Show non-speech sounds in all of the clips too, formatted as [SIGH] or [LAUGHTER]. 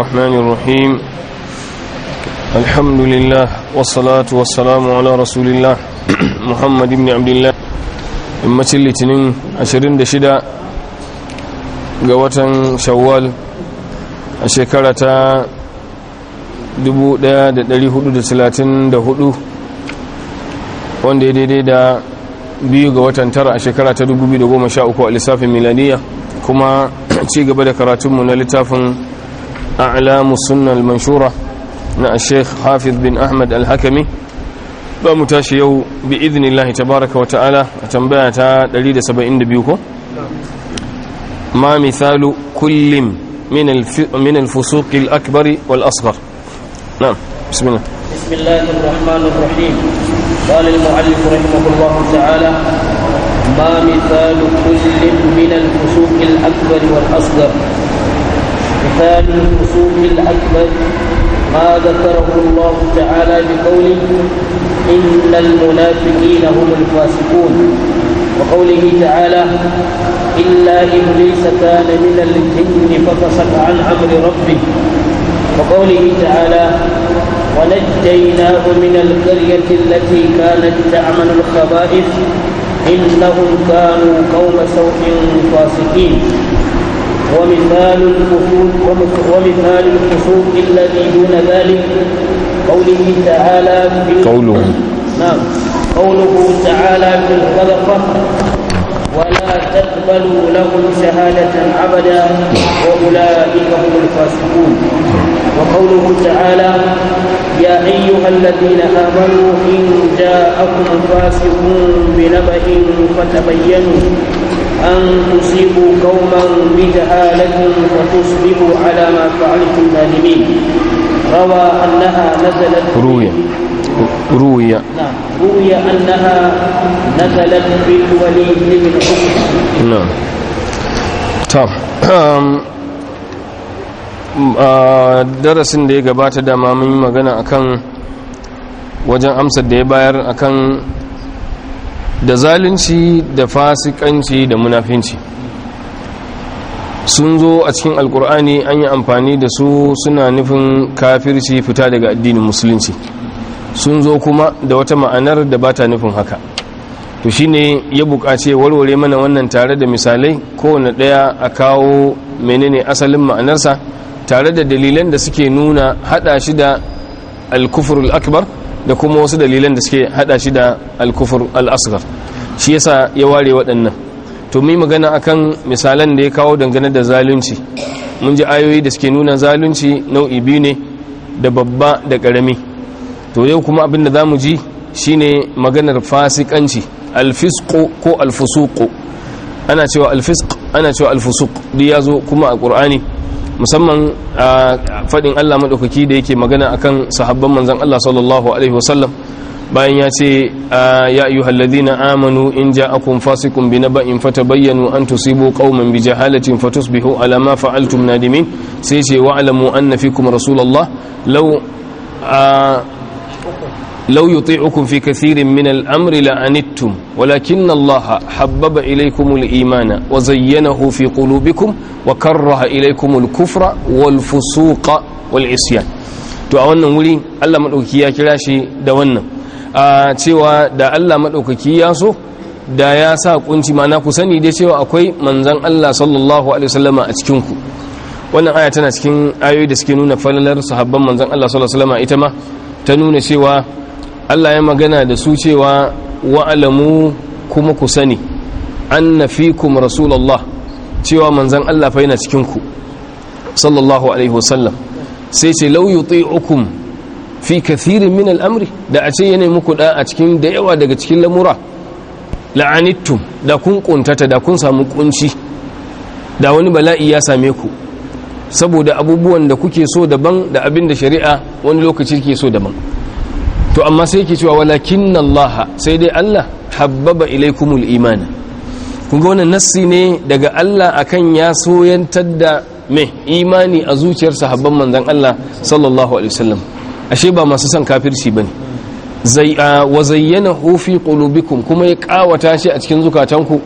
الرحمن الرحيم الحمد لله والصلاة والسلام على رسول الله محمد بن dubu daya da dari hudu da talatin da hudu wanda ya daidai biyu ga watan tara a shekara ta 2013 a lissafin miladiya kuma [CLEARS THROAT] ci gaba da karatunmu na littafin أعلام السنة المنشورة الشيخ حافظ بن أحمد الحكمي بمتاشيو بإذن الله تبارك وتعالى تنبأت دليل سبعين دبيوكو ما مثال كل من من الفسوق الأكبر والأصغر نعم بسم الله بسم الله الرحمن الرحيم قال المعلم رحمه الله تعالى ما مثال كل من الفسوق الأكبر والأصغر ثاني الخصوم الأكبر ما ذكره الله تعالى بقوله إن المنافقين هم الفاسقون وقوله تعالى إلا إبليس كان من الجن ففسق عن أمر ربه وقوله تعالى ونجيناه من القرية التي كانت تعمل الخبائث إنهم كانوا قوم سوء فاسقين ومثال الفسوق ومثال الفسوق الذي دون ذلك قوله تعالى في قوله نعم قوله تعالى في الخلق ولا تقبلوا لهم شهادة أبدا وأولئك هم الفاسقون وقوله تعالى يا أيها الذين آمنوا إن جاءكم فاسق بنبأ فتبينوا أن تصيبوا قوما بجهالة فتصبحوا على ما فعلتم نادمين روى أنها نزلت روية روية نعم روي أنها نزلت بالوليد بن عمر نعم طب darasin da ya gabata dama mun yi magana akan wajen amsar da ya bayar akan da zalunci da fasikanci da munafinci sun zo a cikin alkur'ani an yi amfani da su suna nufin kafirci fita daga addinin musulunci sun zo kuma da wata ma'anar da ba ta nufin haka to shine ya bukace warware mana wannan tare da misalai kowane ɗaya a kawo menene asalin ma'anarsa tare da dalilan da suke nuna haɗa shi da alkufurul akbar da kuma wasu dalilan da suke hada shi da alkufur al'asgar shi yasa ya ware waɗannan to mai magana akan misalan da ya kawo dangane da zalunci mun ji ayoyi da suke nuna zalunci nau'i biyu ne da babba da ƙarami to yau kuma abin da za mu ji shi ne maganar fasikanci alfisko ko alfusuko ana cewa ana cewa alfusuk duk ya zo kuma a ƙur'ani musamman fadin Allah maɗaukaki da yake magana akan sahabban manzan Allah sallallahu alaihi wasallam bayan ya ce ya ayyuhal ladina amanu in ja'akum in fata bayyanu an tusibu qauman jahalatin fatusbihu ala ma fa'altum nadimin sai ce wa'lamu anna fikum rasulullah law لو يطيعكم في كثير من الأمر لعنتم ولكن الله حبب إليكم الإيمان وزينه في قلوبكم وكره إليكم الكفر والفسوق والعصيان to a wannan wuri Allah madaukaki ya kira shi da wannan a cewa da Allah madaukaki ya so da ya sa kunci mana ku sani dai cewa akwai manzan Allah sallallahu alaihi wasallama a cikin ku wannan aya tana cikin ayoyi da suke nuna falalar sahabban manzan Allah sallallahu alaihi wasallama ita ma ta nuna cewa Allah ya magana da su cewa wa'alamu kuma ku sani an fi kuma rasulallah, cewa manzan Allah fa yana cikinku, sallallahu alaihi wasallam sai ce tsaye yuti'ukum fi kathirin min al'amri da a ce yana muku da a cikin da yawa daga cikin lamura la'anittum da kun kuntata da kun samu kunci da wani bala'i ya same ku saboda abubuwan da kuke so daban da abin da shari'a wani lokaci ke so daban to amma sai ke cewa walakin Allah sai dai Allah habbaba ilaikumul imani kun ga wannan nassi ne daga Allah akan ya soyantar da me imani a zuciyar habban manzon Allah sallallahu alaihi wasallam ashe ba masu son kafirci bane zai wa hu fi qulubikum kuma ya kawata shi a cikin zukatanku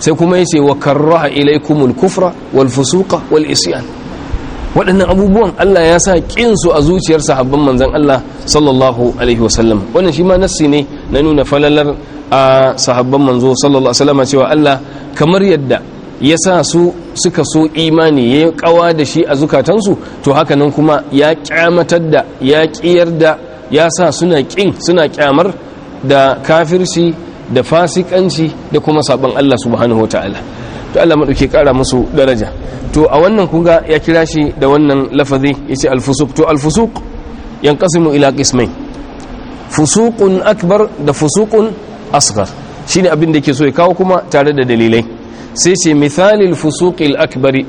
sai kuma yace wa karraha ilaikumul kufra wal fusuqa wal isyan waɗannan abubuwan Allah ya sa ƙin su a zuciyar sahabban manzon Allah sallallahu alaihi wasallam wannan shi ma nassi ne na nuna falalar a sahabban manzo sallallahu alaihi wasallam cewa Allah kamar yadda ya sa su suka so imani ya kawa da shi a zukatansu to haka nan kuma ya kyamatar da ya kiyar da ya sa suna ƙin, suna ƙyamar da kafirci da fasikanci da kuma sabon Allah subhanahu ta'ala to Allah madauke kara musu daraja to a wannan kunga ya kira shi da wannan lafazi ya al-fusuq to al-fusuq yanqasimu ila kismai fusuqun akbar da fusuqun asghar shine abin da yake so ya kawo kuma tare da dalilai sai ce misalil fusukil akbari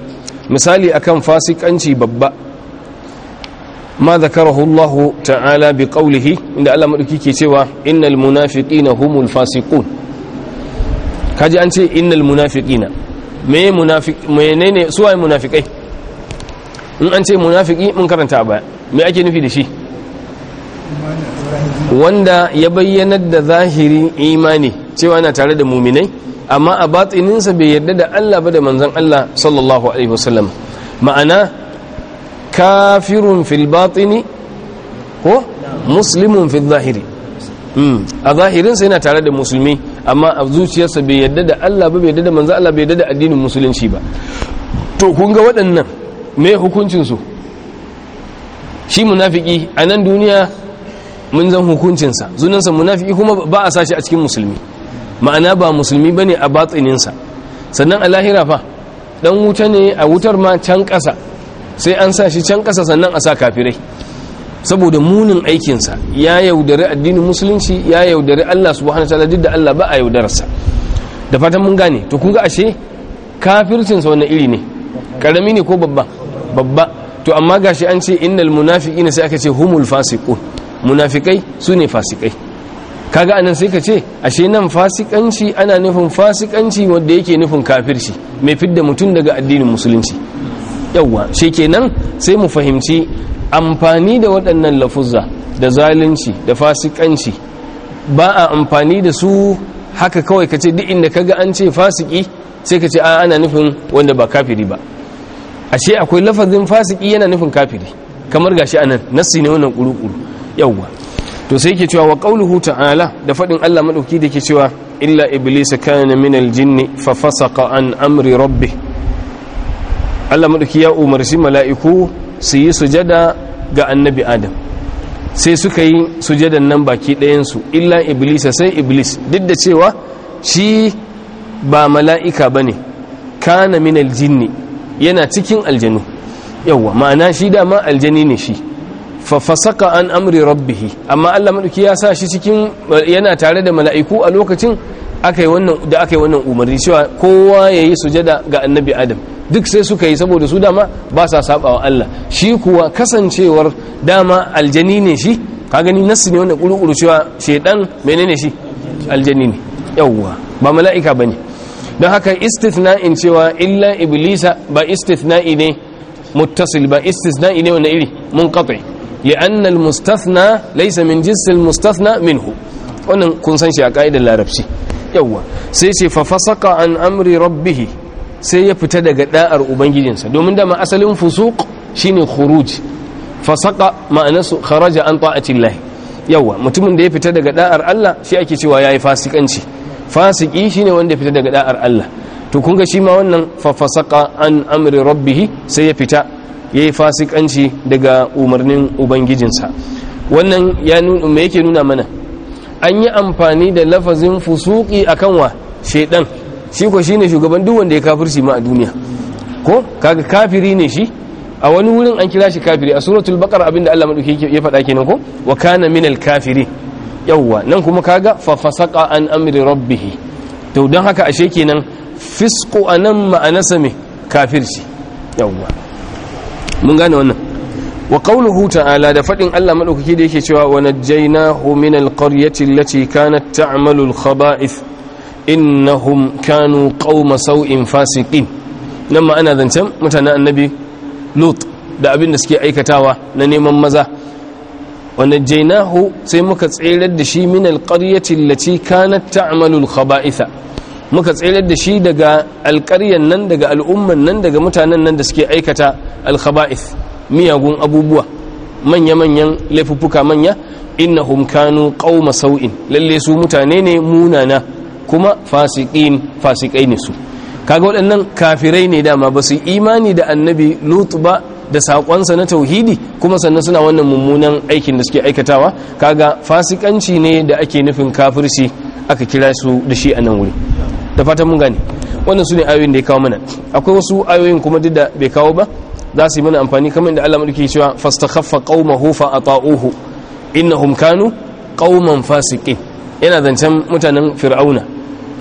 misali akan fasikanci babba ma zakarahu Allah ta'ala bi qawlihi inda Allah madauki ke cewa innal munafiqina humul fasiqun kaji an ce innal munafiqina meye munafiki menene suwaye munafikai in an ce munafiki mun karanta a baya me ake nufi da shi wanda ya bayyanar da zahirin imani cewa yana tare da muminai amma a batsininsa bai yarda da Allah ba da manzon Allah sallallahu alaihi wasallam ma'ana kafirun fil batini ko muslimun fil zahiri hmm. a zahirinsa yana tare da musulmi amma a zuciyarsa bai yadda da Allah ba bai yadda da Allah bai yadda addinin musulunci ba to kun ga waɗannan me hukuncin shi munafiki a nan duniya mun zan hukuncin sa zunansa munafiki kuma ba a sashi a cikin musulmi ma'ana ba musulmi bane a batsininsa sannan a lahira fa dan wuta ne a wutar ma can ƙasa sai an sa shi can ƙasa sannan a sa kafirai saboda munin aikinsa ya yaudari addinin musulunci ya yaudari Allah subhanahu wataala duk da Allah ba a yaudararsa da fatan mun gane to kun ga ashe kafircinsa wannan iri ne karami ne ko babba babba to amma gashi an ce innal munafiqin sai aka ce humul fasiqun munafikai su ne fasikai kaga anan sai ka ce ashe nan fasikanci ana nufin fasikanci wanda yake nufin kafirci mai fidda mutum daga addinin musulunci yawwa shi kenan sai mu fahimci amfani da waɗannan lafuzza da zalunci da fasikanci ba a amfani da su haka kawai ka ce duk inda kaga an ce fasiki sai ka ce a ana nufin wanda ba kafiri ba ashe akwai lafazin fasiki yana nufin kafiri kamar gashi a nan nassi ne wannan kurukuru yawwa to sai ke cewa wa qauluhu ta'ala da faɗin Allah maɗauki da ke cewa illa iblis kana min aljinn fa fasaqa an amri rabbih Allah maɗauki ya umarci mala'iku su yi sujada ga annabi adam sai suka yi sujadan nan baki ɗayansu illa iblis sai iblis duk da cewa shi ba mala'ika ba ne kana min aljinni yana cikin aljanu yauwa ma'ana shi dama aljani ne shi fafasaka an amri rabbihi amma allah maɗuki ya sa shi cikin yana tare da mala'iku a lokacin aka yi wannan da aka yi wannan umarni cewa kowa ya yi sujada ga annabi adam duk sai suka yi saboda su dama ba sa sabawa Allah shi kuwa kasancewar dama aljani ne shi ka gani nasu ne wannan kurukuru cewa shedan menene shi aljani ne yawwa ba mala'ika ba ne don haka istithna'in cewa illa iblisa ba istithna'i ne muttasil ba istithna'i ne wani iri mun munqati li'anna almustathna laysa min jinsi min minhu wannan kun san shi a ka'idar larabci yawwa sai ce fa fasaka an amri rabbihi sai ya fita daga da'ar ubangijinsa domin da ma asalin fusuq shine khuruj fasaka ma'anasu kharaja an ta'atillah yawa mutumin da ya fita daga da'ar Allah shi ake cewa ya yi fasikanci fasiki shine wanda ya fita daga da'ar Allah to kun ga shi ma wannan fa an amri rabbihi sai ya fita yayi fasikanci daga umarnin ubangijinsa wannan ya nuna me yake nuna mana an yi amfani da lafazin fusuki a kanwa shaidan shi ko shine shugaban duk wanda ya kafirci ma a duniya ko kaga kafiri ne shi a wani wurin an kira shi kafiri a suratul baqara abinda Allah madauki ya faɗa kenan ko wa kana minal kafiri yawwa nan kuma kaga fa fasaqa an amri rabbih to dan haka ashe kenan fisqu anan ma'anasa me kafirci yawwa mun gane wannan wa qawluhu ta'ala da fadin Allah madaukaki da yake cewa wa jainahu min alqaryati allati kanat ta'malu alkhaba'ith innahum kanu qauma sau'in fasiqin nan ma ana zancen mutanen annabi lut da abin da suke aikatawa na neman maza wa najjaynahu sai muka tsirar da shi min alqaryati allati kanat ta'malu alkhaba'itha muka tsirar da shi daga alqaryan nan daga al'umman nan daga mutanen nan da suke aikata alkhaba'ith miyagun abubuwa manya-manyan laifuffuka manya inna kanu qauma sau'in lalle su mutane ne munana kuma fasikin fasikai ne su kaga waɗannan kafirai ne dama ba su imani da annabi lutu ba da saƙonsa na tauhidi kuma sannan suna wannan mummunan aikin da suke aikatawa kaga fasikanci ne da ake nufin kafirsi aka kira su da shi a nan wuri da fatan mun gane wannan su ne ayoyin da ya kawo mana akwai wasu ayoyin kuma duk da bai kawo ba za su yi mana amfani kamar da Allah mulki cewa fastakhaffa qaumahu fa ata'uhu innahum kanu qauman fasiqin yana zancen mutanen fir'auna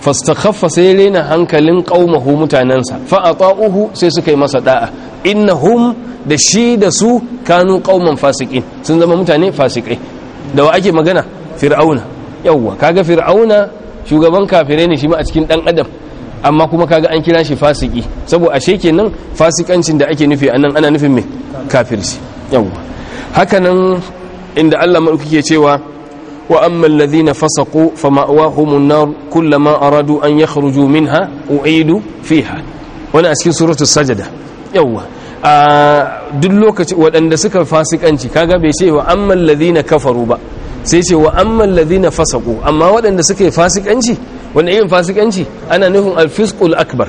fastakhaffa sai rena hankalin qaumahu mutanansa fa ata'uhu sai suka yi masa da'a innahum da shi da su kanu qauman fasiqin sun zama mutane fasikai da wa ake magana fir'auna yawwa kaga fir'auna shugaban kafirai ne shi ma a cikin dan adam amma kuma kaga an kira shi fasiki saboda ashe kenan fasikancin da ake nufi anan ana nufin me kafirci yawa hakanan inda Allah madauki kike cewa wa ammal ladhina fasaqu fama'wahumun nar kullama aradu an yakhruju minha u'idu fiha wani a cikin suratul sajada yawa a duk lokaci waɗanda suka fasikanci kaga bai ce wa ammal ladhina kafaru ba sai ce wa ammal ladhina fasaqu amma waɗanda suka yi fasikanci wanda irin fasikanci ana nufin alfiskul akbar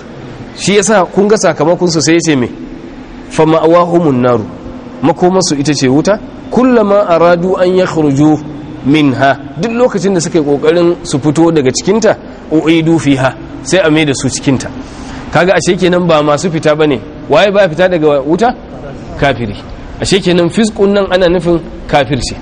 shi yasa kun ga sakamakonsa su sai yace me fa wahumun naru makomarsu ita ce wuta kullama aradu an min ha duk lokacin da suka yi kokarin su fito daga cikinta dufi ha sai a mai da su cikinta kaga ashe kenan ba masu fita ba ne? waye ba fita daga wuta kafiri ashe kenan fiskun nan ana nufin kafirci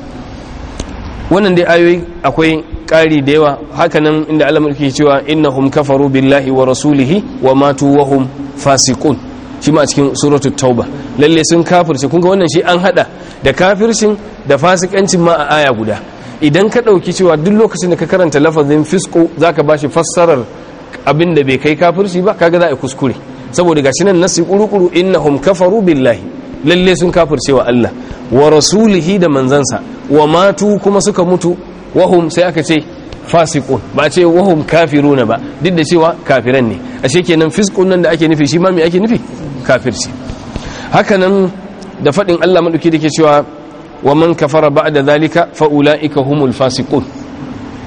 wannan dai ayoyi akwai ƙari da yawa hakanan inda Allah mulki cewa innahum kafaru billahi wa rasulihi wa matu wa hum fasiqun shi ma cikin suratul tauba lalle sun kafirce kun ga wannan shi an hada da kafircin da fasikancin ma a aya guda idan ka dauki cewa duk lokacin da ka karanta lafazin fisqu zaka bashi fassarar abin da bai kai kafirci ba kaga za a kuskure saboda gashi nan nasi kurukuru innahum kafaru billahi lalle sun kafircewa wa Allah wa rasulihi da manzansa wa matu kuma suka mutu wahum sai aka ce fasikun ba ce wahum kafiruna ba duk da cewa kafiran ne ashe kenan fiskun nan da ake nufi shi ma me ake nufi kafirci haka nan da fadin Allah madauki ke cewa wa man kafara ba'da zalika fa'ula ika humul fasikun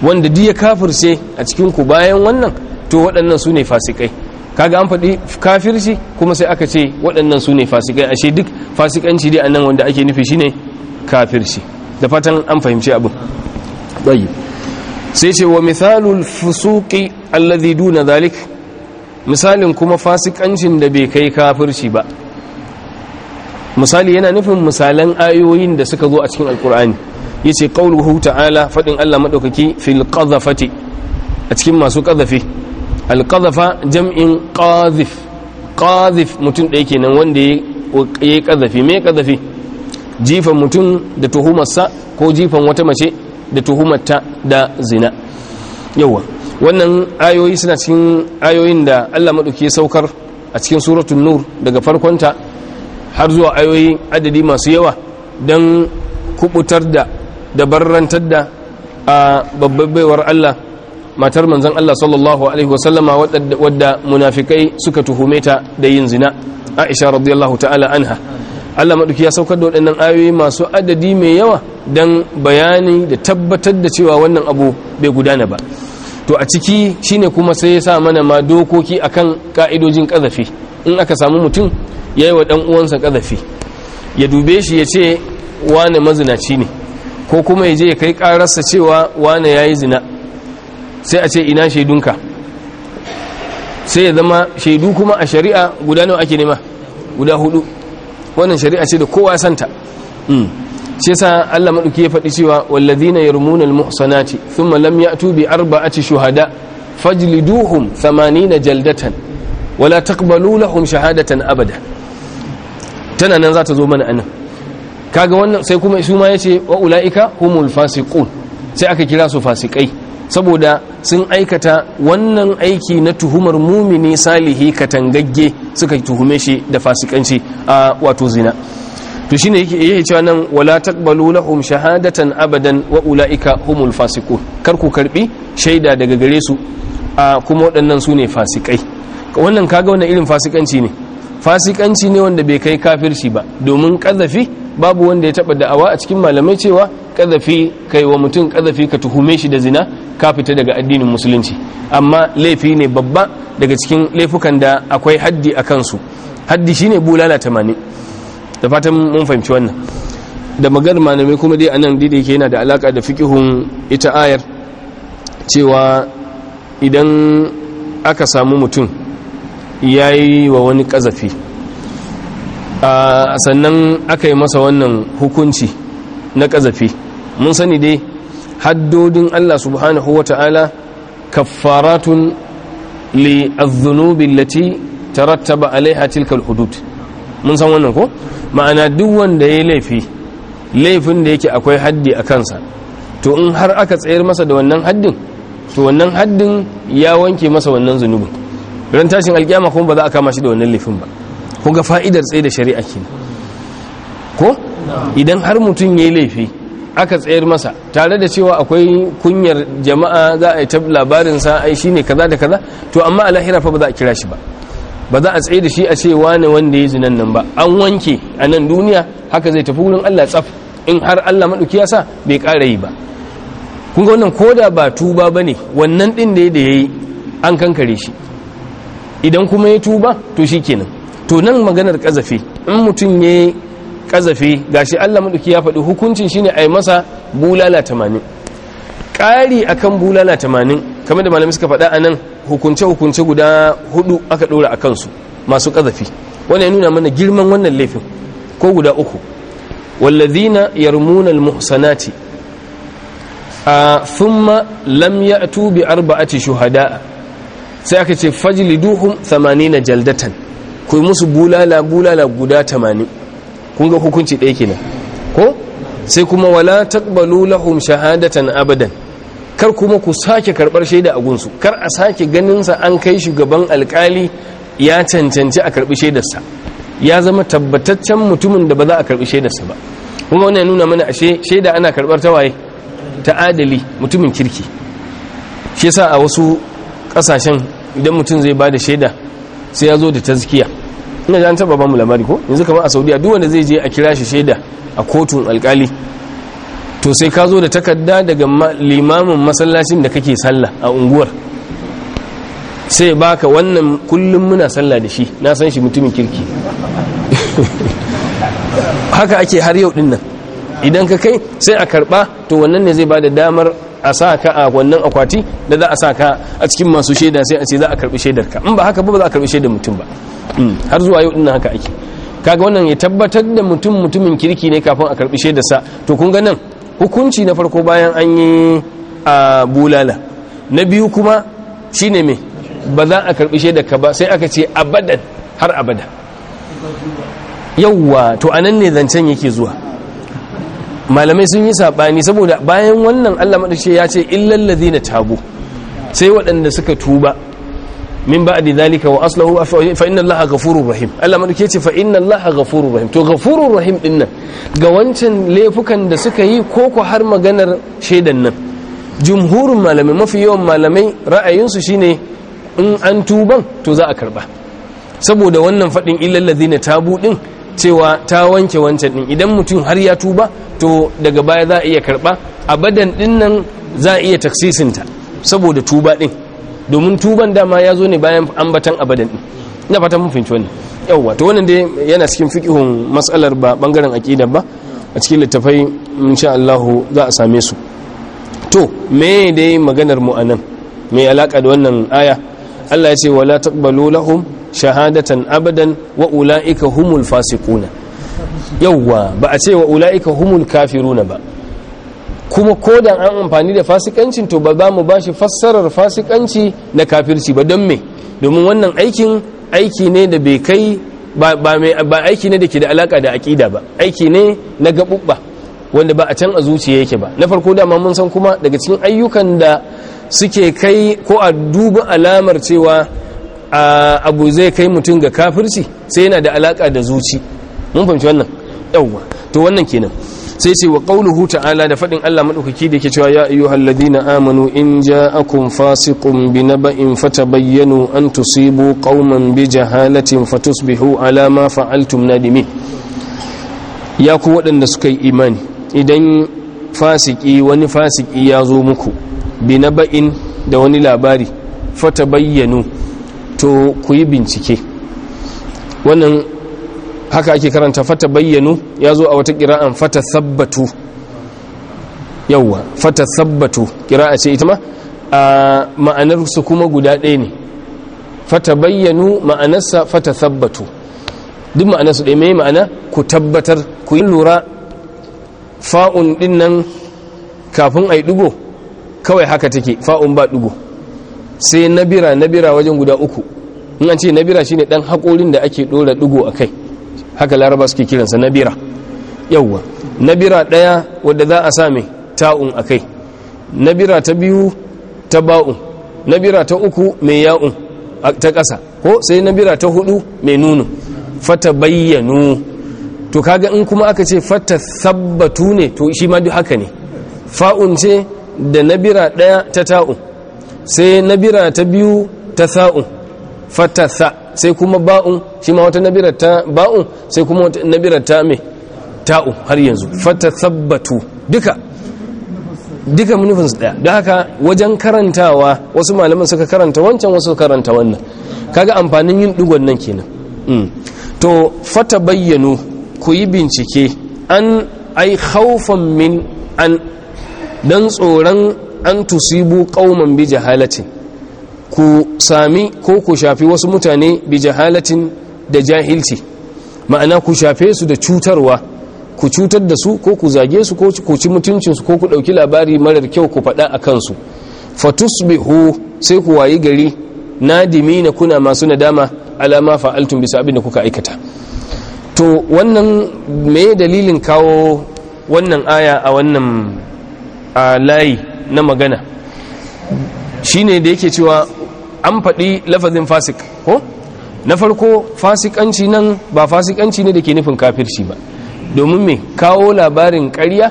wanda duk ya kafirce a cikin ku bayan wannan to waɗannan su ne fasikai kaga an faɗi kafirci kuma sai aka ce waɗannan su ne fasikai ashe duk fasikanci dai nan wanda ake nufi shine kafirci da fatan an fahimci abin ɗayi sai ce wa misalul fusuki alladhi duna zalik misalin kuma fasikancin da bai kai kafirci ba misali yana nufin misalan ayoyin da suka zo a cikin alkur'ani yace qauluhu ta'ala fadin Allah madaukaki fil qadhafati a cikin masu qadhafi al jam'in qadhif qadhif mutum ɗaya kenan wanda ya yi ƙazafi me ƙazafi jifan mutum da tuhumarsa ko jifan wata mace da tuhumarta da zina yauwa wannan ayoyi suna cikin ayoyin da Allah maɗauki saukar a cikin suratun nur daga farkonta har zuwa ayoyi adadi masu yawa don kubutar da da barrantar da a baiwar Allah matar manzan Allah sallallahu Alaihi wasallama wadda munafikai suka tuhume ta da yin zina aisha radiyallahu ta'ala anha Allah maɗauki ya saukar da waɗannan ayoyi masu adadi mai yawa don bayani da tabbatar da cewa wannan abu bai gudana ba to a ciki shine kuma sai ya sa mana ma dokoki akan ka'idojin ƙazafi in aka samu mutum ya yi wa ɗan uwansa ƙazafi ya dube shi ya ce wane mazinaci ne ko kuma ya je ya kai ƙararsa cewa wane ya yi zina sai a ce ina shaidunka sai ya zama shaidu kuma a shari'a guda nawa ake nema guda hudu wannan shari'a ce da kowa santa hmm. shi yasa Allah maduki ya faɗi cewa wallazina yarmuna almuhsanati thumma lam ya'tu bi arba'ati shuhada fajliduhum 80 jaldatan wala taqbalu lahum shahadatan abada tana nan za ta zo mana anan kaga wannan sai kuma su ma yace wa ulaika humul fasiqun sai aka kira su fasikai saboda sun aikata wannan aiki na tuhumar mumini salihi katangagge suka tuhume shi da fasikanci a wato zina to shine yake cewa nan wala taqbalu lahum shahadatan abadan wa ulaika humul fasiqun kar ku karbi shaida daga gare su a kuma waɗannan su ne fasikai wannan kaga wannan irin fasikanci ne fasikanci ne wanda bai kai kafirci ba domin kazafi babu wanda ya taba da'awa a cikin malamai cewa kazafi kai wa mutum kazafi ka tuhume shi da zina ka fita daga addinin musulunci amma laifi ne babba daga cikin laifukan da akwai haddi a kansu haddi shine bulala tamanin da fatan mun fahimci wannan da magar malamai kuma dai anan dai yake yana da alaka da fiqhun ita ayar cewa idan aka samu mutum ya yi wa wani ƙazafi sannan aka yi masa wannan hukunci na ƙazafi mun sani dai haddodin allah subhanahu wa ta'ala kaffaratun li azunubin lati tarattaba alaiha tilkal hudud mun san wannan ko ma'ana duk wanda ya laifi laifin da yake akwai haddi a kansa to in har aka tsayar masa da wannan haddin to wannan haddin ya wanke masa wannan zunubin ran tashin alkiyama kuma ba za a kama shi da wannan laifin ba kun fa'idar tsaye da shari'a kenan ko idan har mutum yayi laifi aka tsayar masa tare da cewa akwai kunyar jama'a za a yi ta labarin sa ai shine kaza da kaza to amma alahira fa ba za a kira shi ba ba za a tsaye da shi a ce wani wanda ya zinan nan ba an wanke a nan duniya haka zai tafi wurin Allah tsaf in har Allah maduki ya sa bai ƙara yi ba kun ga wannan koda ba tuba bane wannan ɗin da yayi an kankare shi idan kuma ya tuba to shi kenan to nan maganar kazafi in mutum ya yi kazafi shi Allah maduki ya faɗi hukuncin shine a yi masa bulala tamanin ƙari akan bulala tamanin kamar da malamai suka faɗa a nan hukunce-hukunce guda hudu aka ɗora a kansu masu kazafi wani ya nuna mana girman wannan laifin ko guda uku wallazina yarmunal muhsanati a thumma lam ya'tu bi arba'ati shuhada'a sai aka ce fajliduhum 80 jaldatan ku musu bulala bulala guda 80 kun ga hukunci ɗaya kenan ko sai kuma wala taqbalu lahum shahadatan abadan kar kuma ku sake karbar shaida a gunsu kar a sake ganin sa an kai shugaban alkali ya cancanci a karbi shaidarsa ya zama tabbataccen mutumin da ba za a karbi shaidarsa ba kuma ya nuna mana ashe shaida ana karɓar ta waye ta adali mutumin kirki shi yasa a wasu kasashen idan mutum zai ba da shaida sai ya zo da tazkiya ina ji an taba ba mu lamari ko yanzu kamar a saudiya duk wanda zai je a kira shi shaida a kotun alkali to sai ka zo da takarda daga limamin masallacin da kake sallah a unguwar sai baka wannan kullum muna sallah da shi na san shi mutumin kirki [LAUGHS] haka ake har yau dinnan idan ka kai sai a karba to wannan ne zai ba da damar a sa ka a wannan akwati da za a sa ka a cikin masu shaida sai a ce za a karbi shaidar ka in ba haka ba za a karbi shaidar mutum ba hmm. har zuwa yau dinnan haka ake kaga wannan ya tabbatar da mutum mutumin kirki ne kafin a karbi shaidar sa to kun ga nan hukunci na farko bayan an yi a bulala na biyu kuma shine me ba za a karbi shaidar ka ba sai aka ce abadan har abada yawwa to anan ne zancen yake zuwa malamai sun yi saɓani saboda bayan wannan allah maɗace ya ce illallazi na tabu sai waɗanda suka tuba min ba da zalika wa aslahu fa inna a ghafurur rahim allah maɗace ce fa inna a ghafurur rahim to ghafurur rahim ɗin nan ga wancan laifukan da suka yi ko ku har maganar shaidan nan jumhurin malamai mafi yawan malamai ra'ayinsu shine in an tuban to za a karɓa saboda wannan faɗin illallazi na tabu ɗin cewa ta wanke wancan din idan mutum har ya tuba to daga baya za a iya karba badan din nan za a iya taksisinta saboda tuba din domin tuban dama ya zo ne bayan ambatan a badan din ina fata mun fahimci wannan yawwa to wannan dai yana cikin fiqhun mas'alar ba bangaren aqida ba a cikin littafai insha Allah za a same su to me dai maganar mu anan me alaka da wannan aya Allah ya ce wala taqbalu lahum shahadatan abadan wa ula'ika humul fasiquna yawwa ba a ce wa ula'ika humul kafiruna ba kuma kodan an amfani da fasikancin to ba za mu ba fassarar fasikanci na kafirci ba don me domin wannan aikin aiki ne da bai kai ba aiki ne da ke da alaka da aƙida ba aiki ne na gaɓuɓɓa wanda ba a can a zuciya yake ba na farko dama mun san kuma daga cikin ayyukan da suke kai ko a duba alamar cewa abu zai kai mutum ga kafirci sai yana da alaka da zuci mun fahimci wannan yawwa to wannan kenan sai ce wa qauluhu ta'ala da fadin Allah madaukaki da yake cewa ya ayyuhal ladina amanu in ja'akum fasiqun binaba'in fatabayyanu an tusibu qauman bi jahalatin fatusbihu ala ma fa'altum nadimin ya ku waɗanda suka yi imani idan fasiki wani fasiki ya zo muku binaba'in da wani labari fatabayyanu to ku yi bincike wannan haka ake karanta fata bayyanu ya zo a wata kira'an fata sabbatu yauwa fata sabbatu kira'a ce ita ma a ma'anarsu kuma guda ɗaya ne fata bayyanu ma'anarsa fata sabbatu duk ma'anarsu ɗaya mai ma'ana ku tabbatar ku yi lura fa'un ɗin nan kafin a yi ɗugo kawai haka take fa'un ba ɗugo sai nabira nabira wajen guda uku in an ce nabira shine dan hakorin da ake dora dugo akai haka laraba suke kiransa nabira yawwa nabira daya wadda za a sa mai ta'un akai nabira ta biyu ta ba'un nabira ta uku mai ya'un ta ƙasa ko sai nabira ta hudu mai nunu fata bayyanu to kaga in kuma aka ce fata sabbatu ne to shi ma duk haka ne fa'un ce da nabira daya ta ta'un sai nabira ta biyu ta sa'un sa sai kuma ba'un shi ma wata nabira ta ba'un sai kuma wata nabira ta me ta'u har yanzu fata sabbatu duka duka munufin su daya don haka wajen karantawa wasu malaman suka karanta wancan wasu karanta wannan kaga amfanin yin digon nan kenan mm. to fata bayyano ku yi bincike an ai haufan min an dan tsoron an tusibu qauman bi jahalatin ku sami ko ku shafi wasu mutane bi jahalatin da jahilci ma'ana ku shafe su da cutarwa ku cutar da su ko ku zage su ko ku ci mutuncin su ko ku dauki labari marar kyau ku faɗa a kansu fatusbihu sai ku wayi gari nadimi na kuna masu nadama alama fa'altum bisa abin da kuka aikata to wannan me dalilin kawo wannan aya a wannan a layi na magana shi ne da yake cewa an faɗi lafazin fasik ko na farko fasikanci nan ba fasikanci ne da ke nufin kafirci ba domin mai kawo labarin karya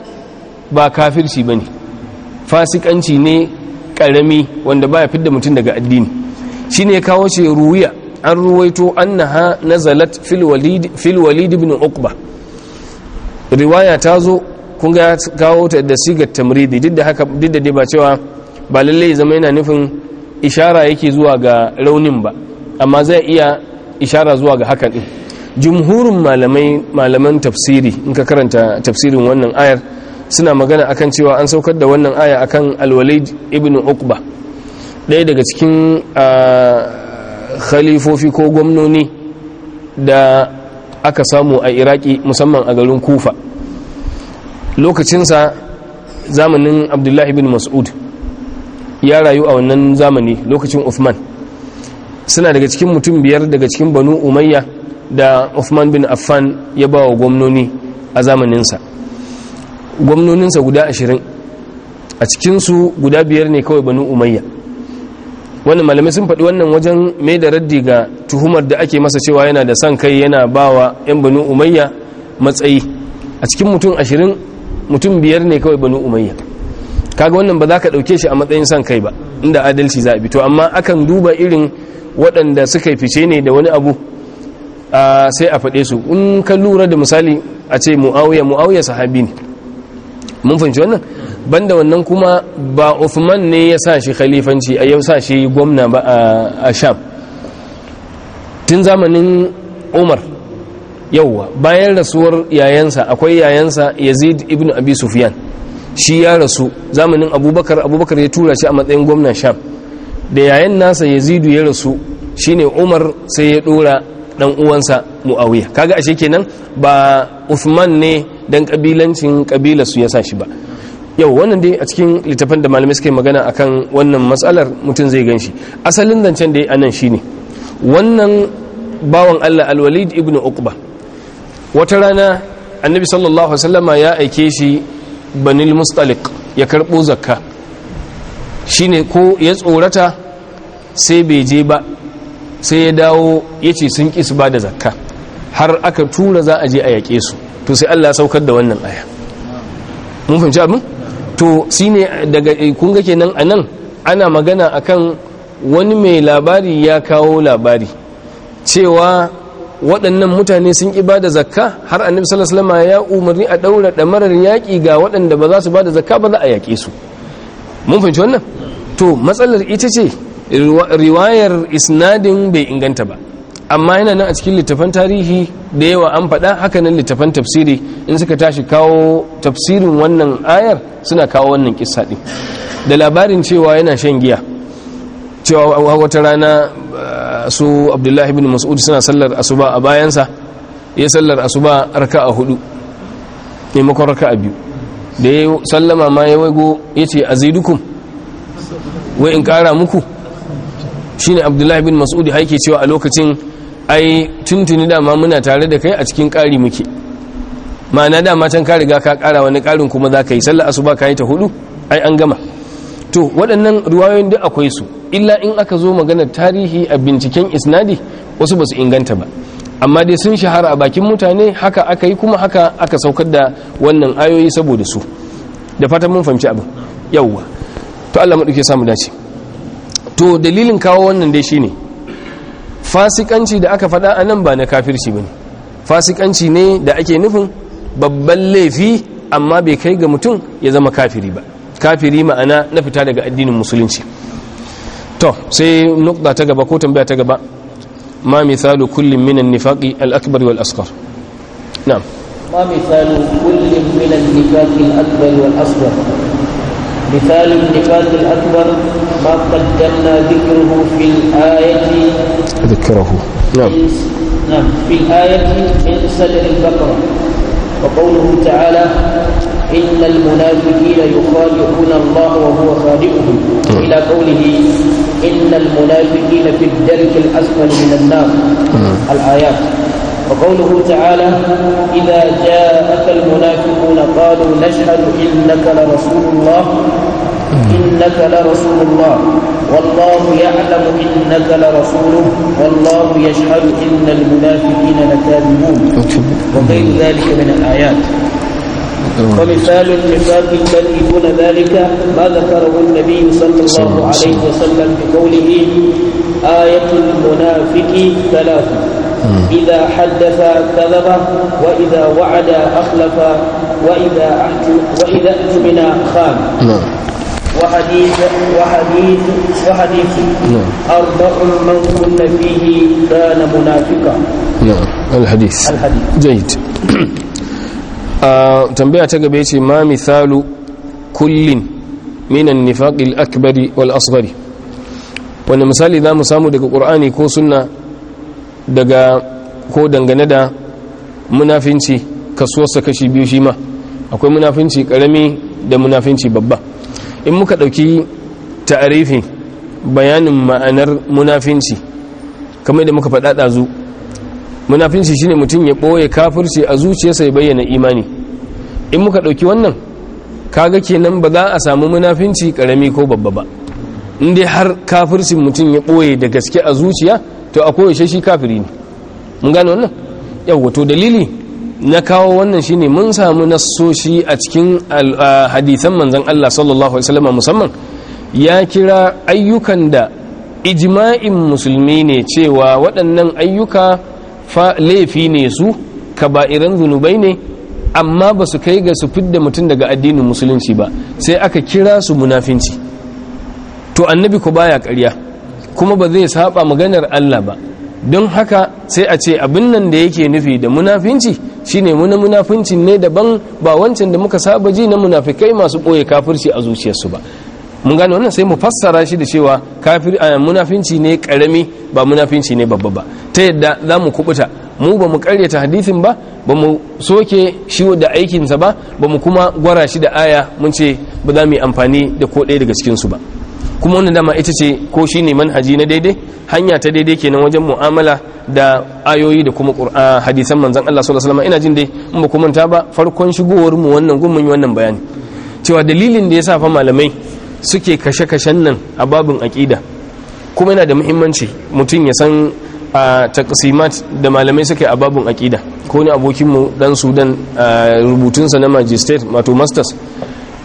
ba kafirci ba ne fasikanci ne ƙarami wanda ba ya fidda mutum daga addini shi ne kawo ce ruwiya an ruwaito an na ha nazalat zalat bin ibn riwaya ta zo kun ga kawo ta da siga tamridi duk da haka duk da dai ba cewa ba lalle zama yana nufin ishara yake zuwa ga raunin ba amma zai iya ishara zuwa ga hakan din jumhurin malamai malaman tafsiri in ka karanta tafsirin wannan ayar suna magana akan cewa an saukar da wannan aya akan alwalid ibn uqba ɗaya daga cikin khalifofi ko gwamnoni da aka samu a iraki musamman a garin kufa lokacinsa zamanin abdullahi bin mas'ud ya rayu a wannan zamani lokacin uthman suna daga cikin mutum biyar daga cikin banu umayya da uthman bin affan ya ba wa gwamnoni a zamaninsa gwamnoninsa guda ashirin a cikinsu guda biyar ne kawai banu umayya wannan malamai sun faɗi wannan wajen mai da raddi ga tuhumar da ake masa cewa yana da son kai yana ba wa 'yan banu umayya matsayi a cikin mutum ashirin mutum biyar ne kawai banu umayya kaga wannan ba za ka ɗauke shi a matsayin son kai ba inda adalci za a bi to amma akan duba irin waɗanda suka fice ne da wani abu sai a faɗe su in ka lura da misali a ce mu'awiyar mu'awiyar sahabi ne mun fahimci wannan banda wannan kuma ba Uthman ne ya sa shi khalifanci a yau sa shi gwamna ba a Sham tun zamanin Umar yauwa bayan rasuwar yayansa akwai yayansa yazid ibn abi sufyan shi ya rasu zamanin abubakar abubakar ya tura shi a matsayin gwamnan sham da yayan nasa yazidu ya rasu shine umar sai ya dora dan uwansa muawiya kaga ashe kenan ba usman ne dan kabilancin kabila su sa shi ba yau wannan dai a cikin littafin da malamai suka yi magana akan wannan matsalar mutum zai gan shi asalin zancen da ya anan shine wannan bawan allah alwalid ibnu uqba wata rana annabi sallallahu alaihi ya aike shi banil mustalik ya karbo zakka shi ne ko ya tsorata sai bai je ba sai ya dawo ya ce sun ƙi ba da zakka har aka tura za a je a yaƙe su to sai Allah saukar da wannan aya mun fahimci abin to ne daga eh, kun ga a nan, ana magana akan wani mai labari ya kawo labari cewa waɗannan mutane sun ƙi ba da zakka har annabi sallallahu alaihi ya umarni a daura ɗamarar yaƙi ga waɗanda ba za su ba da zakka ba za a yaƙe su mun fahimci wannan to matsalar ita ce riwayar isnadin bai inganta ba amma yana nan a cikin littafan tarihi da yawa an faɗa nan littafan tafsiri in suka tashi kawo tafsirin wannan ayar suna kawo wannan kissa ɗin da labarin cewa yana shan giya cewa wata rana uh, su abdullahi bin mas'ud suna sallar asuba a bayansa ya sallar asuba a hudu maimakon a biyu da ya sallama ma ya waigo ya ce a duku wai in kara muku Shi ne abdullahi bin mas'ud haike cewa a lokacin ai tuntuni dama muna tare da kai a cikin kari muke ma'ana dama can ka riga ka kara wani karin kuma za ka yi sallar asuba ka yi ta hudu ai an gama to waɗannan ruwayoyin duk akwai su illa in aka zo maganar tarihi a binciken isnadi wasu ba su inganta ba amma dai sun shahara a bakin mutane haka aka yi kuma haka aka saukar da wannan ayoyi saboda su da fatan mun fahimci abin yawwa to Allah mu dauke samu dace to dalilin kawo wannan dai shine fasikanci da aka faɗa anan ba na kafirci bane fasikanci ne da ake nufin babban laifi amma bai kai ga mutum ya zama kafiri ba kafiri ma'ana na fita daga addinin musulunci to sai nukta ta gaba ko tambaya ta gaba ma misalu kullum minan nifaqi al-akbar wal asghar na'am ma misalu ما مثال كل من النفاق الأكبر والأصغر مثال النفاق الأكبر ما قدمنا ذكره في الآية ذكره نعم نعم في الآية من سجن البقرة وقوله تعالى إن المنافقين يخادعون الله وهو خادعهم نعم. إلى قوله إن المنافقين في الدرك الأسفل من النار نعم. الآيات وقوله تعالى إذا جاءك المنافقون قالوا نشهد إنك لرسول الله نعم. إنك لرسول الله والله يعلم إنك لرسوله والله يشهد إن المنافقين لكاذبون وغير ذلك من الآيات ومثال المثال الذي دون ذلك ما ذكره النبي صلى الله عليه وسلم بقوله آية المنافق ثلاث إذا حدث كذب وإذا وعد أخلف وإذا وإذا اؤتمن خان نعم. وحديث وحديث وحديث نعم. أربع من كن فيه كان منافقا نعم الحديث الحديث جيد tambaya ta gaba ce ma misalu kullin minan nifaqil akbari wal asghari wanda misali za mu samu daga ƙur'ani ko sunna daga ko dangane da munafinci kasuwarsa kashi biyu shi ma akwai munafinci karami da munafinci babba in muka ɗauki ta'arifin bayanin ma'anar munafinci kamar da muka faɗa ɗazu munafinci shine mutum ya ɓoye kafirci a zuciyarsa ya bayyana imani in muka ɗauki wannan kaga kenan ba za a samu munafinci ƙarami ko babba ba in dai har kafircin mutum ya ɓoye da gaske a zuciya to a koyaushe shi kafiri ne mun gane wannan yau to dalili na kawo wannan shine mun samu nasoshi a cikin hadisan manzon Allah sallallahu alaihi musamman ya kira ayyukan da ijima'in musulmi ne cewa waɗannan ayyuka fa laifi ne su irin zunubai ne amma ba su kai ga su fidda mutum daga addinin musulunci ba sai aka kira su munafinci to annabi ku baya karya kuma ba zai saba maganar Allah ba don haka sai a ce abin nan da yake nufi da munafinci shine muna munafincin ne daban ba wancan da muka saba ji na munafikai masu ɓoye kafirci a zuciyarsu ba mun gane wannan sai mu fassara shi da cewa kafir eh, munafinci ne karami ba munafinci ne babba ba ta yadda za mu kubuta mu ba mu karyata hadisin ba ba mu soke shi da aikinsa ba ba mu kuma gwara shi da aya mun ce ba za mu yi amfani da ko ɗaya daga cikinsu ba kuma wannan dama ita ce ko shi ne manhaji na daidai hanya ta daidai kenan wajen mu'amala da ayoyi da kuma ah, hadisan manzan Allah sallallahu alaihi wasallam ina jin dai in ba ku manta ba farkon shigowar mu wannan gun wannan bayani cewa dalilin da ya sa fa malamai suke kashe-kashen nan a babin aƙida kuma yana da muhimmanci mutum ya san a taksimat da malamai suke a babin aƙida ko ne abokinmu dan sudan a rubutunsa na magistrate wato masters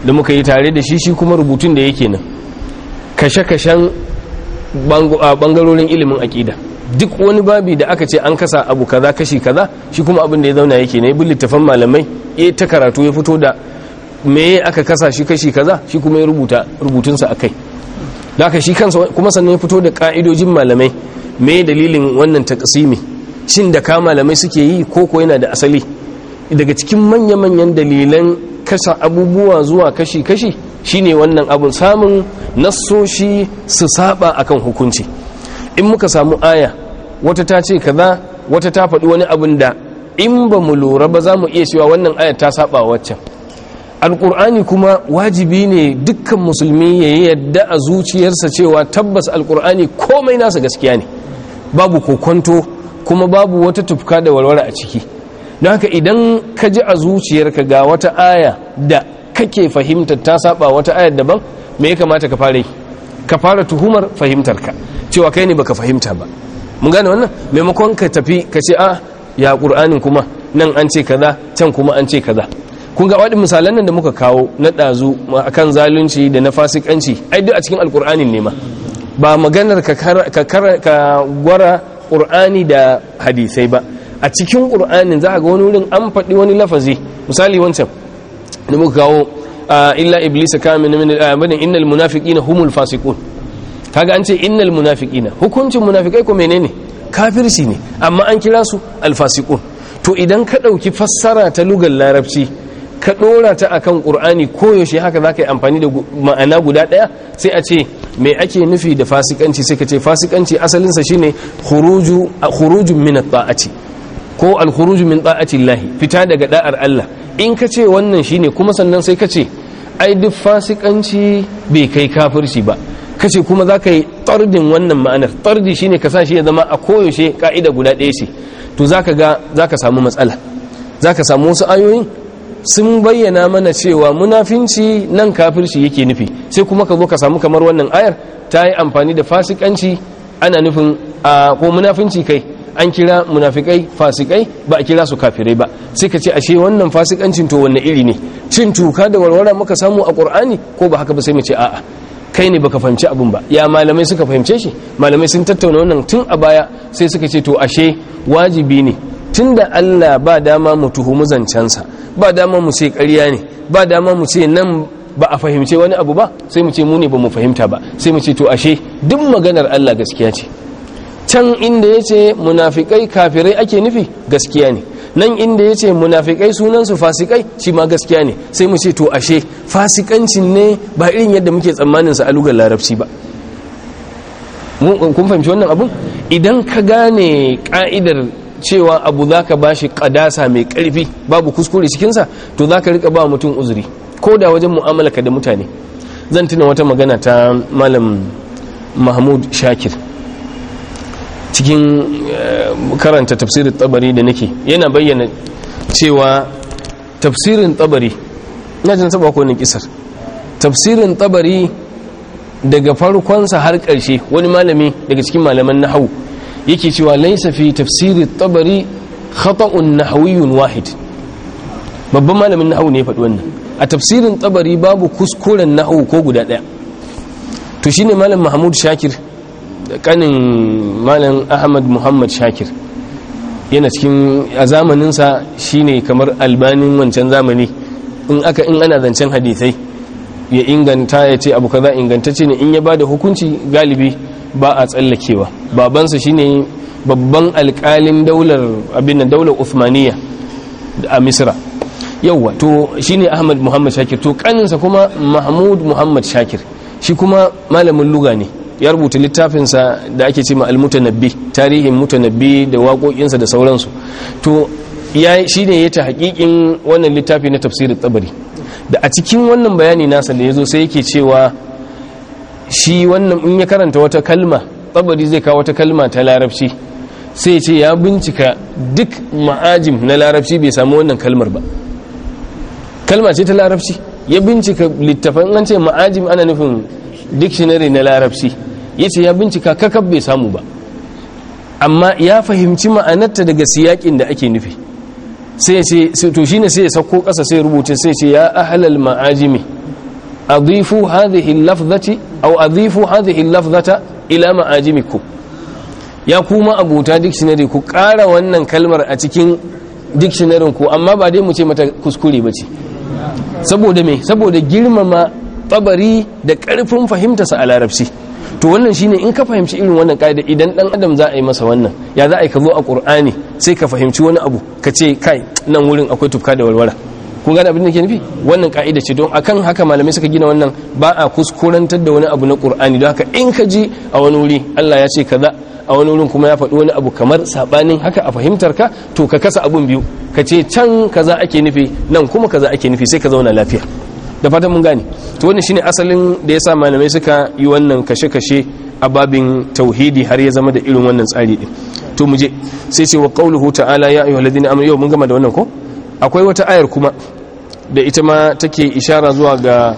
da muka yi tare da shi shi kuma rubutun da yake nan kashe-kashen bangarorin ilimin aƙida duk wani babi da aka ce an kasa abu kaza kashi kaza shi kuma abin da ya zauna yake ne bin littafan malamai e ta karatu ya fito da me aka kasa shi kashi kaza shi kuma ya rubuta rubutunsa akai haka shi kansa kuma sannan ya fito da ka'idojin malamai me dalilin wannan takasimi shin da ka malamai suke yi ko ko yana da asali daga cikin manya-manyan dalilan kasa abubuwa zuwa kashi-kashi shine wannan abun samun nassoshi su saba akan hukunci in muka samu aya wata ta ce kaza wata ta faɗi wani abun da in ba mu lura ba za mu iya cewa wannan aya ta saba waccan alkur'ani kuma wajibi ne dukkan musulmi ya yadda a zuciyarsa cewa tabbas alkur'ani komai nasa gaskiya ne babu kokonto kuma babu wata tufka da walwala a ciki don haka idan ka ji a zuciyarka ga wata aya da kake fahimtar ta saba wata aya daban me ya kamata ka fara yi ka fara tuhumar fahimtarka cewa kai ne baka fahimta ba mun gane wannan maimakon ka tafi ka ce a ah, ya ƙur'anin kuma nan an ce kaza can kuma an ce kaza kun ga waɗin misalan nan da muka kawo na ɗazu akan zalunci da na fasikanci ai duk a cikin alƙur'anin ne ma ba maganar ka gwara ƙur'ani da hadisai ba a cikin ƙur'anin za a ga wani wurin an faɗi wani lafazi misali wancan da muka kawo illa iblis kamin min al inna innal munafiqina humul fasiqun kaga an ce innal munafiqina hukuncin munafikai ko menene kafirci ne amma an kira su al-fasiqun to idan ka dauki fassara ta lugar larabci ka dora ta akan qur'ani koyaushe haka zaka yi amfani da ma'ana guda ɗaya sai a ce mai ake nufi da fasikanci sai ka ce fasikanci asalin sa shine khuruju min ko al-khuruju min ta'ati Allah fita daga da'ar Allah in ka ce wannan shine kuma sannan sai ka ce ai duk fasikanci bai kai kafirci ba ka ce kuma za ka yi tardin wannan ma'anar tardi shine ka sa shi ya zama a koyaushe ka'ida guda ɗaya ce to za ka ga za ka samu matsala za ka samu wasu ayoyin sun bayyana mana cewa munafinci nan kafirci yake nufi sai kuma ka zo ka samu kamar wannan ayar ta yi amfani da fasikanci ana nufin ko munafinci kai an kira munafikai fasikai ba a kira su kafirai ba sai ka ce ashe wannan fasikancin to wanne iri ne cin tuka da warwara muka samu a qur'ani ko ba haka ba sai mu ce a'a kai ne baka fahimci abun ba ya malamai suka fahimce shi malamai sun tattauna wannan tun a baya sai suka ce to ashe wajibi ne tun da Allah ba dama mu tuhumu zancensa ba dama mu ce ƙarya ne ba dama mu ce nan ba a fahimce wani abu ba sai mu ce mu ne ba mu fahimta ba sai mu ce to ashe duk maganar Allah gaskiya ce can inda ya ce munafikai kafirai ake nufi gaskiya ne nan inda ya ce munafikai sunansu fasikai shi ma gaskiya ne sai mu ce to ashe fasikancin ne ba irin yadda muke tsammanin a Alugar larabci ba kun fahimci wannan abun idan ka gane ka'idar cewa abu za ka ba shi ƙadasa mai karfi babu kuskure cikinsa to za ka riƙa ba mutum uzuri ko da wajen mu'amalaka da mutane zan tuna wata magana ta malam mahmud shakir cikin eh, karanta tafsirin tsabari da nake yana bayyana cewa tafsirin tsabari na jin saba ko kisar tafsirin tsabari daga farkonsa har ƙarshe wani malami daga cikin malaman na hau. yake cewa laisa fi tafsiri tabari khata'un nahwiyyun wahid babban malamin nahawu ne ya faɗi wannan a tafsirin tabari babu kuskuren nahwu ko guda ɗaya to shine malam mahmud shakir kanin malam ahmad muhammad shakir yana cikin a zamaninsa shine kamar albanin wancan zamani in aka in ana zancen hadisai ya inganta ya ce abu kaza ingantacce ne in ya bada hukunci galibi ba a tsallakewa babansa shine babban alkalin daular abin daular uthmaniya a misra yauwa to shine ahmad muhammad shakir to kaninsa kuma mahmud muhammad shakir shi kuma malamin luga ne ya rubuta littafinsa da ake ce ma almutanabbi tarihin mutanabbi da waƙoƙinsa da sauransu to shi ne ya ta haƙiƙin wannan littafi na tafsirin tsabari da a cikin wannan bayani nasa da ya zo sai yake cewa shi wannan in ya karanta wata kalma tsabari zai kawo wata kalma ta larabci sai ce ya bincika duk ma'ajim na larabci bai samu wannan kalmar ba kalma ce ta larabci ya bincika littafan an ce ma'ajim ana nufin dictionary na larabci ya ce ya bincika kakab bai samu ba amma ya fahimci ma'anarta daga siyakin da ake nufi sai ce to shine sai ya sauko ƙasa sai rubuta sai ce ya ahalal ma'ajimi أضيفوا هذه اللفظة أو أضيفوا هذه اللفظة إلى معاجمكم ya kuma أبو dictionary ku ƙara wannan kalmar a cikin dictionary ku amma ba dai mu ce mata kuskure ba ce saboda me ما girmama tabari da ƙarfin fahimtarsa a larabci to wannan shine in ka fahimci irin wannan da idan dan adam za a yi masa wannan ya za a yi ka zo a qur'ani sai ka fahimci wani abu ka ce kai nan wurin akwai tufka da walwala kun gane abin da ke nufi wannan ka'ida ce don akan haka malamai suka gina wannan ba a kuskurantar da wani abu na qur'ani don haka in ka ji a wani wuri Allah ya ce kaza a wani wurin kuma ya faɗi wani abu kamar sabanin haka a fahimtar ka to ka kasa abun biyu ka ce can kaza ake nufi nan kuma kaza ake nufi sai ka zauna lafiya da fatan mun gane to wannan shine asalin da ya sa malamai suka yi wannan kashe-kashe a babin tauhidi har ya zama da irin wannan tsari din to mu je sai ce wa qauluhu ta'ala ya ayyuhalladhina amanu yau mun gama da wannan ko akwai wata ayar kuma da ita ma take ishara zuwa ga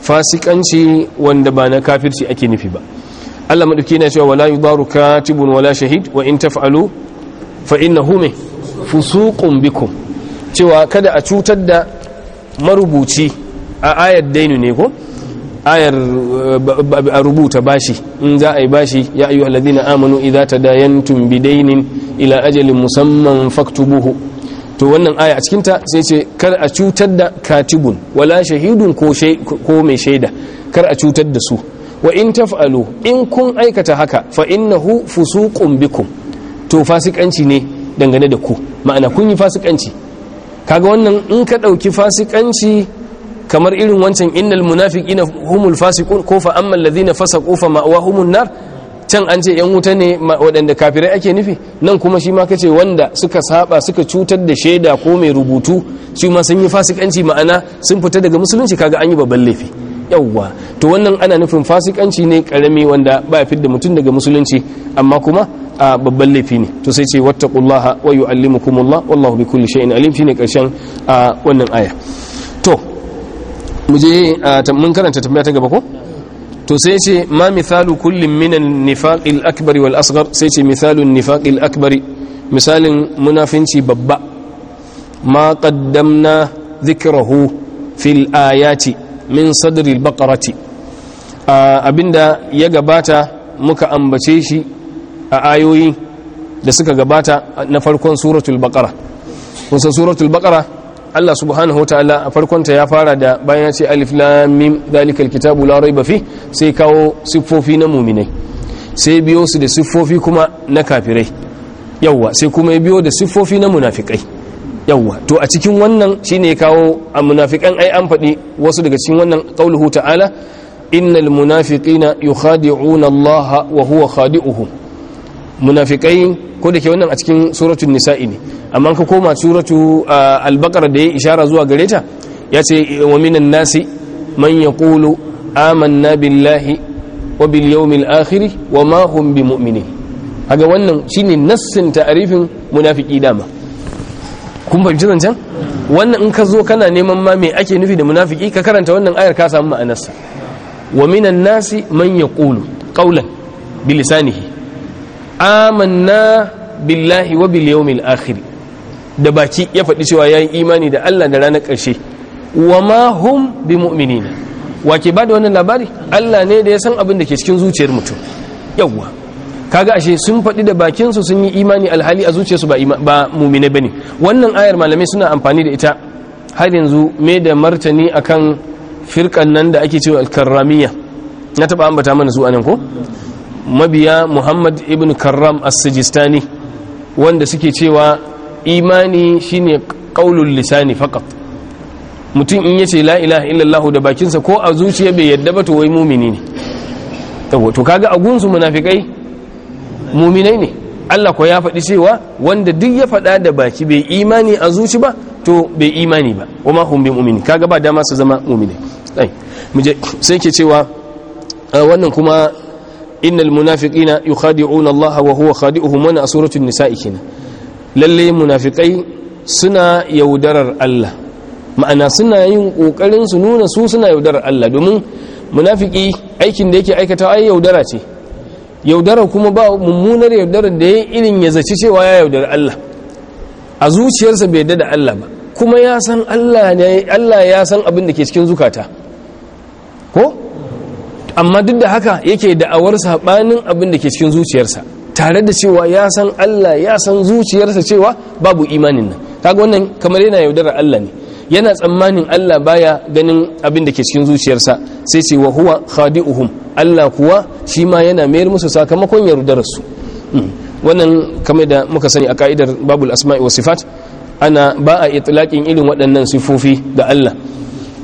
fasikanci wanda ba na kafirci ake nufi ba Allah madauki yana cewa wala yudaru katibun wala shahid wa in taf'alu fa innahu me fusuqun bikum cewa kada a cutar da marubuci a ayar dainu ne ko ayar eh, a rubuta bashi in za a yi bashi ya ayyuhallazina amanu idza tadayantum bidainin ila ajalin musamman faktubuhu to wannan aya a cikinta sai ce kar a cutar da katibun wala shahidun ko mai shaida kar a cutar da su wa in taf'alu in kun aikata haka fa innahu fusuqun bikum to fasikanci ne dangane da ku ma'ana kun yi fasikanci kaga wannan in ka dauki fasikanci kamar irin wancan innal munafiqina humul fasiqun ko fa ammal ladhina fasaqu fa ma'wahumun nar can an ce 'yan wuta ne waɗanda kafirai ake nufi nan kuma shi ma kace wanda suka saba suka cutar da shaida ko mai rubutu shi ma sun yi fasikanci ma'ana sun fita daga musulunci kaga an yi babban laifi yauwa to wannan ana nufin fasikanci ne karami wanda ba ya fidda mutum daga musulunci amma kuma a babban laifi ne to sai ce wattaqullaha wa yu'allimukumullah wallahu kulli shay'in alim shine karshen wannan aya to mu je mun karanta tambaya ta gaba ko to sai ce ma misalu kullum minan nifaƙil akbari wal asgar sai ce misalin nifaƙil akbari misalin munafinci babba ma ƙaddamna zikirahu fil ayati min sadri al abinda ya gabata muka ambace shi a ayoyi da suka gabata na farkon suratul baƙara kusa suratul baƙara Allah subhanahu ta'ala a farkon ta ya fara da bayan ya ce alif lam mim zalikal kitabu la rayba fi sai kawo siffofi na mu'minai sai biyo su da siffofi kuma na kafirai yawwa sai kuma biyo da siffofi na munafikai yawwa to a cikin wannan shine ya kawo a munafikan ai an faɗi wasu daga cikin wannan qauluhu ta'ala innal munafiqina yukhadi'una Allah wa huwa khadi'uhum munafikai ko da ke wannan a cikin suratun nisa'i ne amma ka koma suratu baqara da ya ishara zuwa gare ta ya ce wa minan nasi man yaqulu amanna billahi wa bil yawmil akhir wa ma hum mu'minin kaga wannan shine nassin ta'arifin munafiki dama kun fahimci zancen wannan in ka zo kana neman ma me ake nufi da munafiki ka karanta wannan ayar ka samu ma'anarsa wa minan nasi man yaqulu qawlan bilisanihi amanna billahi wa bil yawmil akhir da baki ya faɗi cewa yayin imani da Allah da ranar ƙarshe wa ma hum bi mu'minina wa ke bada wannan labari Allah ne da ya san abin da ke cikin zuciyar mutum yawwa kaga ashe sun faɗi da bakin su sun yi imani alhali a zuciyarsu ba ba mu'mine bane wannan ayar malamai suna amfani da ita har yanzu me da martani akan firkan nan da ake cewa al-karramiyya na taba ambata mana su anan ko mabiya muhammad ibn karram as-sijistani wanda suke cewa imani shine qaulul lisani faqat mutum in yace la ilaha illallah da bakinsa ko a zuciya bai yadda ba to wai mumini ne to kaga a gunsu munafikai muminai ne Allah ko ya faɗi cewa wanda duk ya faɗa da baki bai imani a zuci ba to bai imani ba wa ma hum bi mu'mini kaga ba dama su zama mu'mini sai ke cewa wannan kuma innal munafiqina yukhadi'una Allah wa huwa khadi'uhum wannan a suratun nisa'i kenan lallai munafikai suna yaudarar Allah ma'ana suna yin kokarin su nuna su suna yaudarar Allah domin munafiki aikin da yake aikata ai yaudara ce yaudarar kuma ba mummunar yaudarar da ya irin ya zaci cewa ya yaudar Allah a zuciyarsa bai yadda da Allah ba kuma ya san Allah Allah ya san abin da ke cikin zukata ko amma duk da haka yake da'awar saɓanin abin da ke cikin zuciyarsa tare da cewa ya san Allah ya san zuciyarsa cewa babu imanin nan kaga wannan kamar yana yaudarar Allah ne yana tsammanin Allah baya ganin abin da ke cikin zuciyarsa sai ce wa huwa khadi'uhum Allah kuwa shi ma yana mayar musu sakamakon su. Hmm. wannan kamar da muka sani a ka'idar babul asma'i wa sifat ana ba a itlaqin irin waɗannan sifofi ga Allah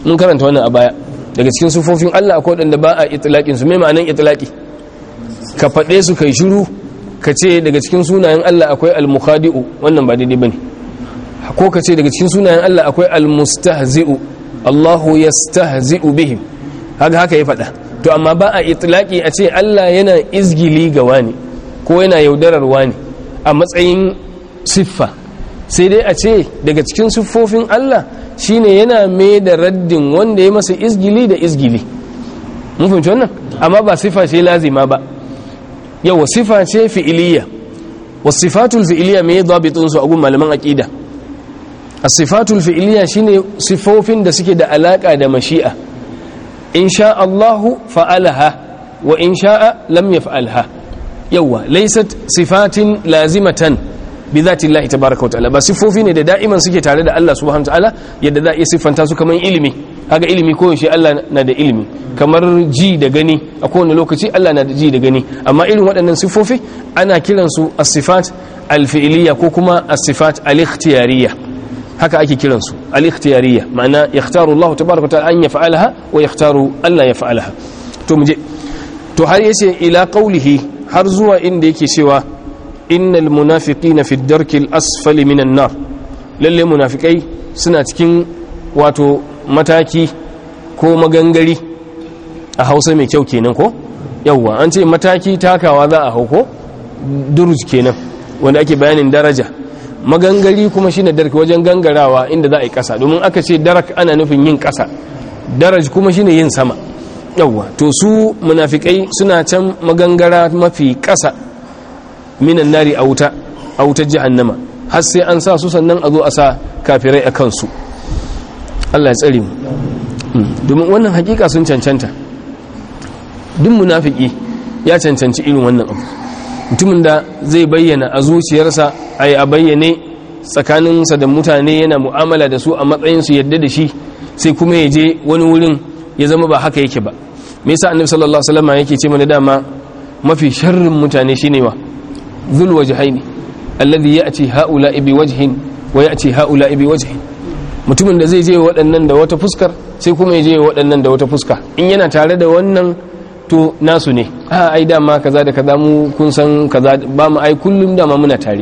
mun karanta wannan a baya daga cikin sufofin Allah akwai waɗanda ba a itilaƙin su mai ma'anan itilaƙi ka faɗe su kai shiru ka ce daga cikin sunayen Allah akwai al-mukhadi'u wannan ba daidai bane ko ka ce daga cikin sunayen Allah akwai al-mustahzi'u Allahu yastahzi'u bihim haka haka ya faɗa to amma ba a itilaƙi a ce Allah yana izgili ga wani ko yana yaudarar wani a matsayin siffa sai dai a ce daga cikin siffofin Allah shine yana mai da raddin wanda ya masa izgili da izgili mun wannan amma ba sifa ce lazima ba yawa sifa ce fi'iliya wasifatul fi'iliya mai dabitun su a gun malaman aqida as-sifatul fi'iliya shine sifofin da suke da alaka da mashi'a insha Allahu fa'alaha wa insha'a lam yaf'alha yawa laysat sifatin lazimatan bi zati llahi tabaraka wa ta'ala ba sifofi ne da da'iman suke tare da Allah subhanahu wa ta'ala yadda za a iya siffanta su kamar ilimi kaga ilimi ko yaushe Allah na da ilimi kamar ji da gani a kowane lokaci Allah na da ji da gani amma irin waɗannan sifofi ana kiransu as-sifat al ko kuma as-sifat al haka ake kiransu al-ikhtiyariyya ma'ana yakhtaru Allah tabaraka wa ta'ala an yaf'alaha wa yakhtaru Allah yaf'alaha to muje to har yace ila qawlihi har zuwa inda yake cewa innal munafiqina fi darkil asfali minan nar lalle munafikai suna cikin wato mataki ko magangari a hausa mai kyau kenan ko yawwa an ce mataki takawa za a hauko duruj kenan wanda ake bayanin daraja magangari kuma shine darki wajen gangarawa inda za a yi kasa domin aka ce darak ana nufin yin kasa daraj kuma shine yin sama yawwa to su munafikai suna can magangara mafi kasa minan nari a wuta a wutar jahannama har sai an sa su sannan a zo a sa kafirai a kansu Allah ya tsare mu mm. domin wannan hakika sun cancanta duk munafiki ya cancanci irin wannan abu mutumin da zai bayyana a zuciyarsa ai a bayyane tsakaninsa da mutane yana mu'amala da su a matsayin su yadda da shi sai kuma ya je wani wurin ya zama ba haka yake ba me yasa annabi sallallahu alaihi wasallam yake ce mana dama mafi sharrin mutane shine wa dhul wajhaini الذي ya'ti هؤلاء بوجه wajhin هؤلاء بوجه ha'ula'i bi mutumin da zai je waɗannan da wata fuskar sai kuma ya je waɗannan da wata fuska in yana tare da wannan to nasu ne a ai dama kaza da kaza mu kun san kaza ba mu ai kullum dama muna tare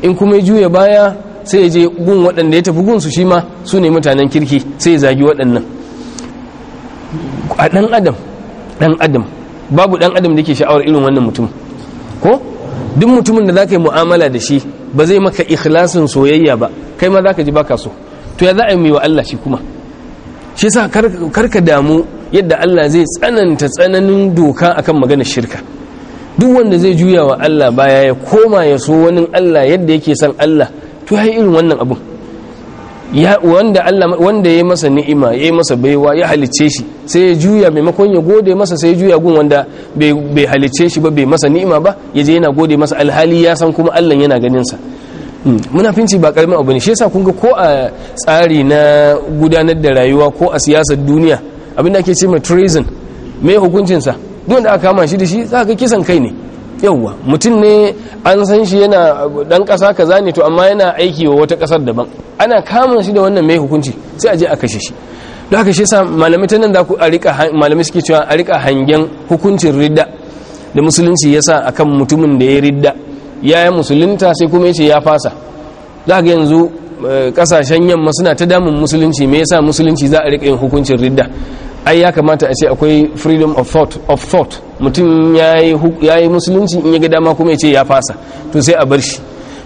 in kuma ya juya baya sai ya je gun waɗanda ya tafi gun su shi ma su ne mutanen kirki sai ya zagi waɗannan a ɗan adam ɗan adam babu ɗan adam da ke sha'awar irin wannan mutum ko duk mutumin da zaka yi mu'amala da shi ba zai maka ikhlasin soyayya ba kai ma zaka ji baka so to ya za a yi wa Allah shi kuma shi sa karka damu yadda Allah zai tsananta tsananin doka akan maganar shirka duk wanda zai juya wa Allah baya ya koma ya so wani Allah yadda yake son Allah to ya irin wannan abun wanda Allah wanda ya masa ni'ima ya masa baiwa ya halice shi sai ya juya maimakon ya gode masa sai ya juya gun wanda bai halice shi ba bai masa ni'ima ba ya je yana gode masa alhali ya san kuma Allah yana ganin sa hmm. finci ba karamin abu ne shi yasa kun ko a tsari na gudanar da rayuwa ko a siyasar duniya abin da ake ce ma treason me hukuncin sa duk aka kama shi da shi za ka kisan kai ne yauwa mutum ne an san shi yana dan kasa kaza ne to amma yana aiki wa wata kasar daban ana kamun shi da wannan mai hukunci sai a je a kashe shi don haka shi sa malamai ta da ku a rika malamai suke cewa a rika hangen hukuncin ridda da musulunci ya sa akan mutumin da ya ridda Yaya yi musulunta sai kuma ya ce ya fasa za ga yanzu kasashen eh, yamma suna ta damun musulunci me yasa musulunci za a rika yin hukuncin ridda ai ya kamata a ce akwai freedom of thought of thought mutum ya yi musulunci in ya ga dama kuma ya ce ya fasa to sai a bar shi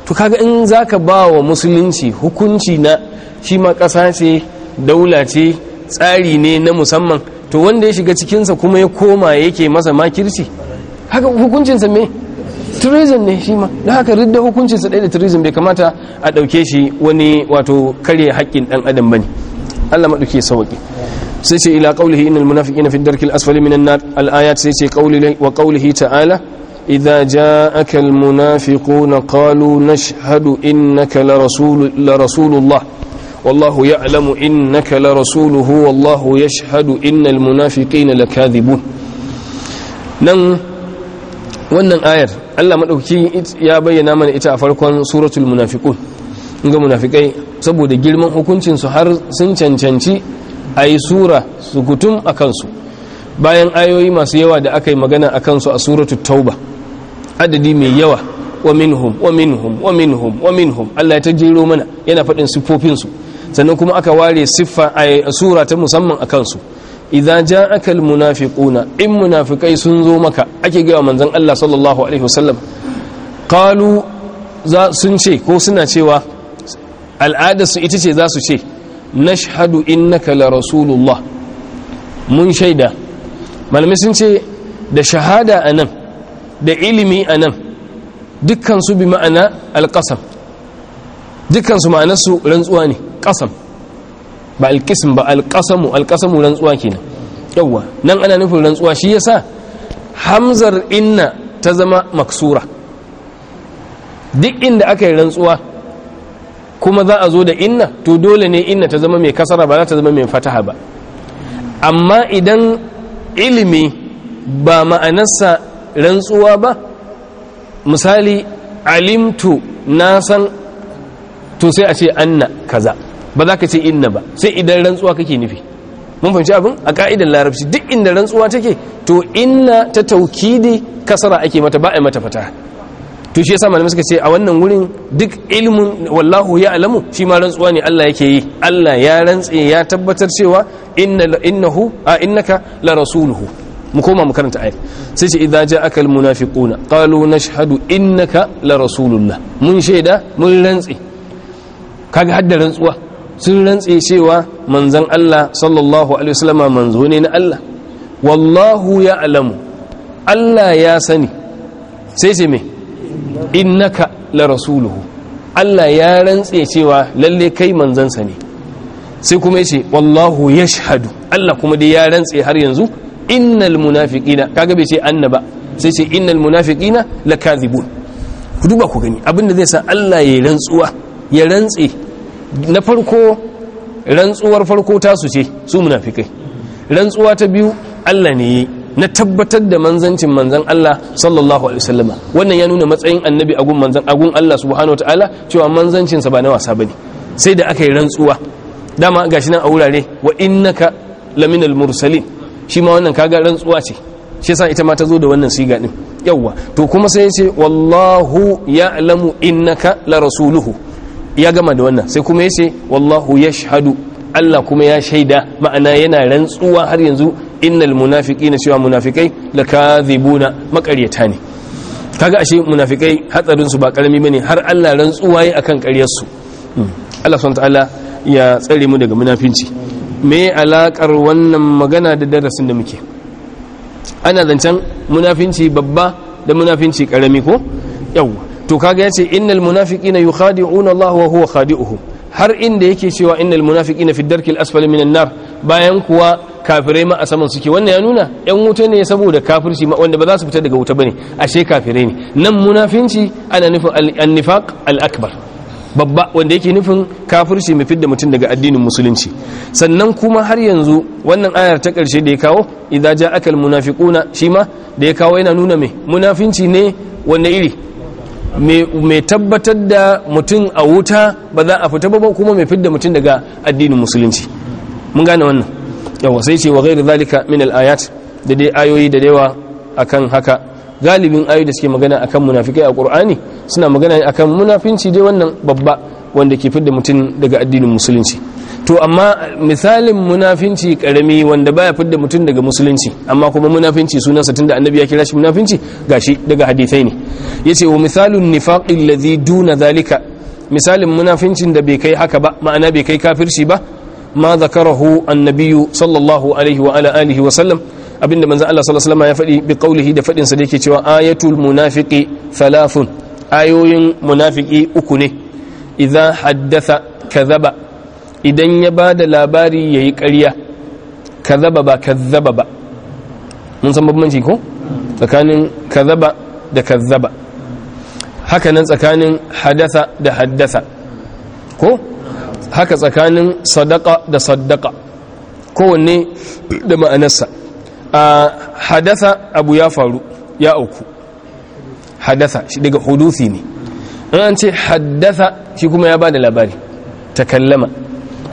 to kaga in zaka ba wa musulunci hukunci na shi ma ƙasa ce daula ce tsari ne na musamman to wanda ya shiga cikinsa kuma ya koma yake masa makirci haka hukuncinsa me treason ne shi ma da haka ridda hukuncinsa ɗaya da treason bai kamata a ɗauke shi wani wato karya haƙƙin ɗan adam ba ne allah maɗauke sauƙi sai ce ila qawlihi innal munafiqina na darkil asfali minan nar sai ce wa qawlihi ta'ala idza ja'aka al na qalu nashhadu innaka la rasul la rasulullah والله يعلم إنك لرسوله والله يشهد إن المنافقين لكاذبون wannan ayar Allah maɗauki ya bayyana mana ita a farkon suratul munafiqun inga munafikai saboda girman hukuncin su har sun cancanci a yi sura su kutum a kansu bayan ayoyi masu yawa da aka yi magana a kansu a suratu tauba adadi mai yawa wa minhum wa minhum wa minhum wa minhum Allah ya ta jero mana yana faɗin siffofinsu sannan kuma aka ware siffa a sura ta musamman a kansu idza ja'aka munafiquna in munafikai sun zo maka ake ga manzon Allah sallallahu alaihi wasallam qalu za sun ce ko suna cewa al'adarsu ita ce za su ce nashhadu innaka la rasulullah mun shaida malamai sun ce da shahada anan, da ilimi anan nan dukkansu bi ma'ana alƙasam ma'ana su rantsuwa ne ƙasam ba alƙisim ba alƙasamu alƙasamu rantsuwa kenan yawwa nan ana nufin rantsuwa shi yasa hamzar inna ta zama maksura duk inda aka yi rantsuwa kuma za a zo da inna to dole ne inna ta zama mai kasara ba za ta zama mai fataha ba amma idan ilimi ba ma'anarsa rantsuwa ba misali alimtu na san to sai a ce anna kaza ba za ka ce inna ba sai idan rantsuwa kake nufi mun fahimci abin a ka'idar larabci duk inda rantsuwa take to inna ta taukidi kasara ake mata ba a mata fataha to shi yasa malamai suka ce a wannan wurin duk ilmin wallahu ya alamu shi ma rantsuwa ne Allah yake yi Allah ya rantse ya tabbatar cewa inna innahu a innaka la rasuluhu mu koma mu karanta ayat sai ce idza ja'aka al munafiquna qalu nashhadu innaka la rasulullah mun shaida mun rantse kaga hadda rantsuwa sun rantse cewa manzon Allah sallallahu alaihi wasallama manzo ne na Allah wallahu ya alamu Allah ya sani sai ce me innaka la rasuluhu Allah ya rantse cewa lalle kai manzansa ne sai kuma yace wallahu yashhadu Allah kuma dai ya rantse har yanzu innal munafiqina kaga bai ce annaba sai ce innal munafiqina lakazibun ku duba ku gani abinda zai sa Allah ya rantsuwa ya rantse na farko rantsuwar farko tasu ce su munafikai rantsuwa ta biyu Allah ne yi na tabbatar da manzancin manzan Allah sallallahu alaihi wasallama wannan ya nuna matsayin annabi agun gun manzan agun Allah subhanahu wataala cewa manzancin sa ba na wasa bane sai da aka yi rantsuwa dama gashi nan a wurare wa innaka laminal mursalin shi ma wannan kaga rantsuwa ce shi yasa ita ma ta zo da wannan siga din yawa to kuma sai ya ce wallahu ya'lamu innaka la rasuluhu ya gama da wannan sai kuma ya ce wallahu yashhadu Allah kuma ya shaida ma'ana yana rantsuwa har yanzu innal na cewa munafikai lakadhibuna makaryata ne kaga ashe munafikai hatsarin su ba karami bane har Allah rantsuwa yi akan ƙaryar su hmm. Allah subhanahu ta'ala ya tsare mu daga munafinci me alakar wannan magana da darasin da muke ana zancen munafinci babba da munafinci karami ko yawa to kaga yace innal munafiqina yukhadi'una Allah wa huwa khadi'uhum har inda yake cewa innal munafiqina fi darkil asfali minan nar bayan kuwa kafirai ma a saman suke wannan ya nuna yan wuta ne saboda kafirci wanda ba za su fita daga wuta bane ashe kafirai ne nan munafinci ana nufin annifaq al-akbar babba wanda yake nufin kafirci mai fidda mutum daga addinin musulunci sannan kuma har yanzu wannan ayar ta karshe da ya kawo idza ja'aka al-munafiquna shi ma da ya kawo yana nuna me munafinci ne wanda iri mai tabbatar da mutum a wuta ba za a fita ba kuma mai fidda mutum daga addinin musulunci mun gane wannan yawa sai ce wa gairu zalika min al-ayat da dai ayoyi da yawa akan haka galibin ayo da suke magana akan munafikai a qur'ani suna magana akan munafinci dai wannan babba wanda ke fidda mutum daga addinin musulunci to amma misalin munafinci karami wanda baya fidda mutum daga musulunci amma kuma munafinci sunansa tunda annabi ya kira shi munafinci gashi daga hadisai ne yace wa misalun nifaqi alladhi duna zalika misalin munafincin da bai kai haka ba ma'ana bai kai kafirci ba ma zakarahu annabiyu sallallahu alaihi wa sallam abinda manzon Allah sallallahu ya faɗi bi qaulihi da faɗin sa da yake cewa ayatul munafiqi falafun ayoyin munafiki uku ne idza haddatha kadhaba idan ya da labari yayi ƙarya kadhaba ba kadhaba ba mun san bambanci ko tsakanin da kadhaba hakanan tsakanin hadatha da haddatha ko haka tsakanin sadaka da sadaka kowanne da ma'anarsa a hadatha abu ya faru ya auku hadatha shi daga hudufi ne an ce haddatha shi kuma ya bada labari ta kallama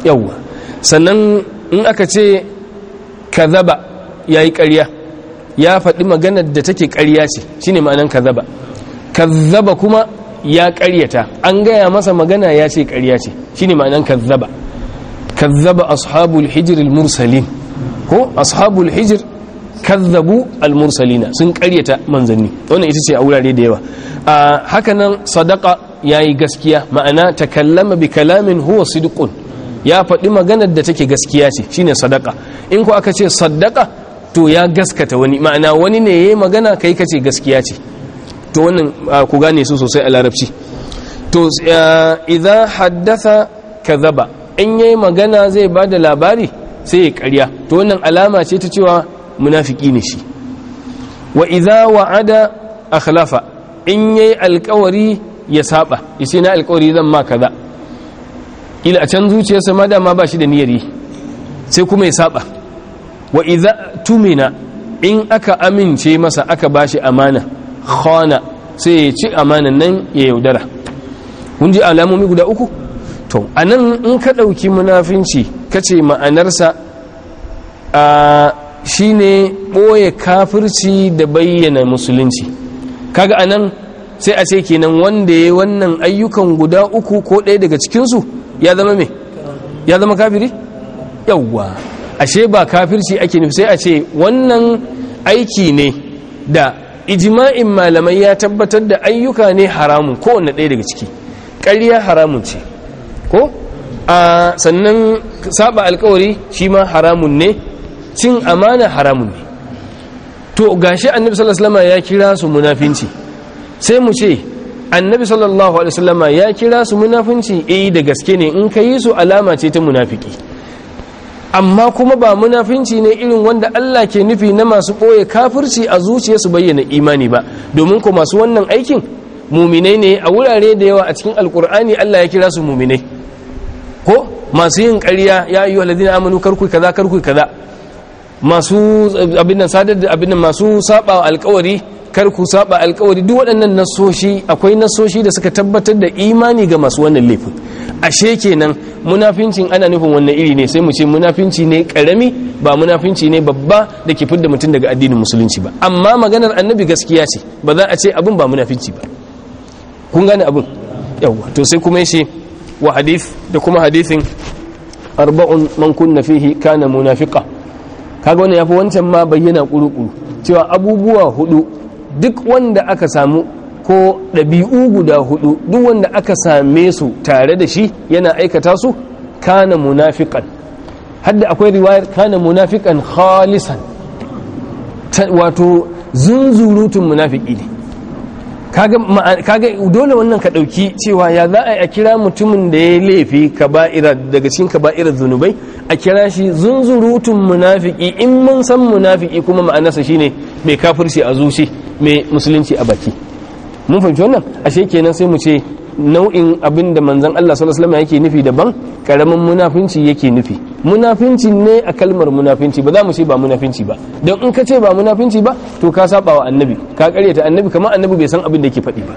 yawwa sannan in aka ce kazaba ya yi ƙarya ya faɗi maganar da take ƙarya ce shi ne ma'anan kazaba kazaba kuma ya karyata an gaya masa magana ya ce karya ce shine ma'anan kazzaba kazzaba ashabul hijr al mursalin ko ashabul hijr kazzabu al mursalina sun karyata manzanni wannan ita ce a wurare da yawa hakanan sadaka yayi gaskiya ma'ana takallama bi kalamin huwa sidqun ya faɗi maganar da take gaskiya ce shine sadaka in ko aka ce sadaka to ya gaskata wani ma'ana wani ne yayi magana kai kace gaskiya ce to wannan ku gane su sosai a larabci to idan haddasa kazaba in yayi magana zai ba da labari sai ya karya to wannan alama ce ta cewa munafiki ne shi wa idan wa'ada akhlafa in yayi alkawari ya saba yace na alkawari zan ma kaza ila a can zuciyarsa ma dama ba shi da niyyar yi sai kuma ya saba wa idza tumina in aka amince masa aka bashi amana khana sai ya ci amanan nan ya yaudara kun ji alamomi guda uku to anan in ka ɗauki munafinci kace ma'anarsa a shine ɓoye kafirci da bayyana musulunci kaga anan sai a ce kenan wanda ya wannan ayyukan guda uku ko ɗaya daga cikinsu ya zama me ya zama kafiri yawwa ashe ba kafirci ake nufi sai a ce wannan aiki ne da ijma'in malamai ya tabbatar da ayyuka ne haramun kowanne ɗaya daga ciki ƙarya haramun ce ko a sannan saba alkawari shi ma haramun ne cin amana haramun ne to gashi annabi sallallahu alaihi ya kira su munafinci sai mu ce annabi sallallahu alaihi ya kira su munafinci eh da gaske ne in ka su alama ce ta munafiki amma kuma ba munafinci ne irin wanda Allah ke nufi na masu ɓoye kafirci a zuciya su bayyana imani ba domin ko masu wannan aikin muminai ne a wurare da yawa a cikin alkur'ani Allah ya kira su muminai ko masu yin ƙarya ya yi wa ladina amanu karku kaza karku kaza masu abin nan sadar da abin nan masu saba alkawari karku saba alkawari duk waɗannan nasoshi akwai nasoshi da suka tabbatar da imani ga masu wannan laifin ashe kenan munafincin ana nufin wannan iri ne sai mu ce munafinci ne karami ba munafinci ne babba da ke fidda mutum daga addinin musulunci ba amma maganar annabi gaskiya ce ba za a ce abin ba munafinci ba kun gane abin yawwa to sai kuma shi wa hadith da kuma hadithin arba'un man kunna fihi kana munafiqa kaga wannan yafi wancan ma bayyana kuru-kuru cewa abubuwa hudu duk wanda aka samu ko ɗabi'u guda hudu duk wanda aka same su tare da shi yana aikata su kana munafiqan hadda akwai riwayar kana munafiqan khalisan wato zunzurutun munafiki ne kaga dole wannan ka ɗauki cewa ya za a kira mutumin da ya laifi kaba'ira daga cikin kaba'irar zunubai a kira shi zunzurutun munafiki in mun san munafiki kuma ma'anarsa shine mai kafirci a zuci mai musulunci a baki mun fahimci wannan ashe kenan sai mu ce nau'in abin da manzon Allah sallallahu alaihi wasallam yake nufi daban karamin munafinci yake nufi munafinci ne a kalmar munafinci ba za mu ce ba munafinci ba don in ka ce ba munafinci ba to ka saba wa annabi ka karyata annabi kamar annabi bai san abin da yake faɗi ba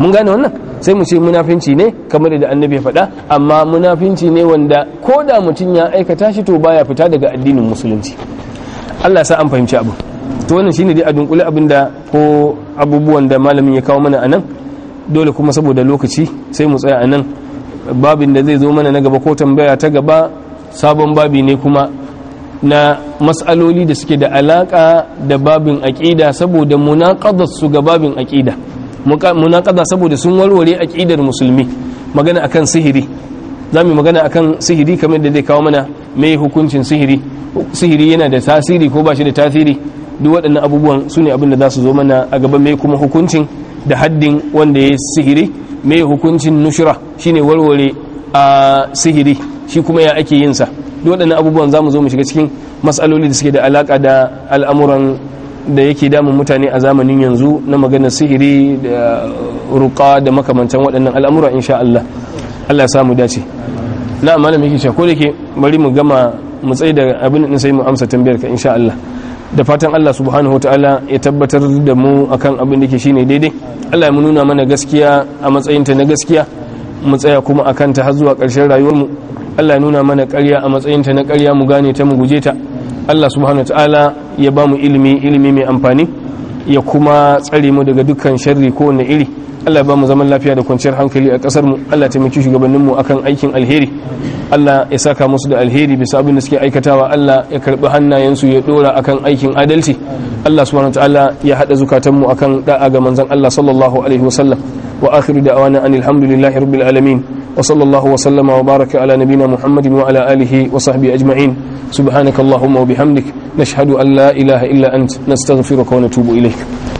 mun gane wannan sai mu ce munafinci ne kamar da annabi ya faɗa amma munafinci ne wanda ko da mutum ya aikata shi to baya fita daga addinin musulunci Allah sa an fahimci abu to wannan shine dai a dunkule abinda da ko abubuwan da malamin ya kawo mana a nan dole kuma saboda lokaci sai mu tsaya a nan babin da zai zo mana na gaba ko tambaya ta gaba sabon babi ne kuma na matsaloli da suke da alaka da babin aƙida saboda munaqadar su ga babin aƙida munaqada saboda sun warware aƙidar musulmi magana akan sihiri za mu magana akan sihiri kamar da zai kawo mana mai hukuncin sihiri sihiri yana da tasiri ko ba shi da tasiri duk waɗannan abubuwan su ne abin da za su zo mana a gaba mai kuma hukuncin da haddin wanda ya sihiri mai hukuncin nushura shine warware a sihiri shi kuma ya ake yinsa duk waɗannan abubuwan za mu zo mu shiga cikin matsaloli da suke da alaƙa da al'amuran da yake damun mutane a zamanin yanzu na magana sihiri da ruka da makamantan waɗannan al'amura insha Allah Allah ya samu dace na malam yake cewa ko da ke bari mu gama mu tsaye da abin da sai mu amsa tambayar ka insha Allah da fatan Allah subhanahu wa ta'ala ya tabbatar da mu akan abin da ke shine daidai Allah ya nuna mana gaskiya a matsayinta na gaskiya mu tsaya kuma akan ta har zuwa ƙarshen mu Allah ya nuna mana ƙarya a matsayinta na ƙarya mu gane ta mu guje ta Allah subhanahu ta'ala ya ba mu ilimi ilimi mai amfani ya kuma tsare mu daga dukkan sharri ko wani iri Allah ba mu zaman lafiya da kwanciyar hankali a kasar mu Allah taimaki shugabanninmu akan aikin alheri Allah ya saka musu da alheri bisa abin da suke aikatawa Allah ya karbi hannayen su ya dora akan aikin adalci Allah subhanahu wa ta'ala ya hada zukatan mu akan da'a ga manzon Allah sallallahu alaihi wasallam وآخر دعوانا أن الحمد لله رب العالمين وصلى الله وسلم وبارك على نبينا محمد وعلى آله وصحبه أجمعين سبحانك اللهم وبحمدك نشهد أن لا إله إلا أنت نستغفرك ونتوب إليك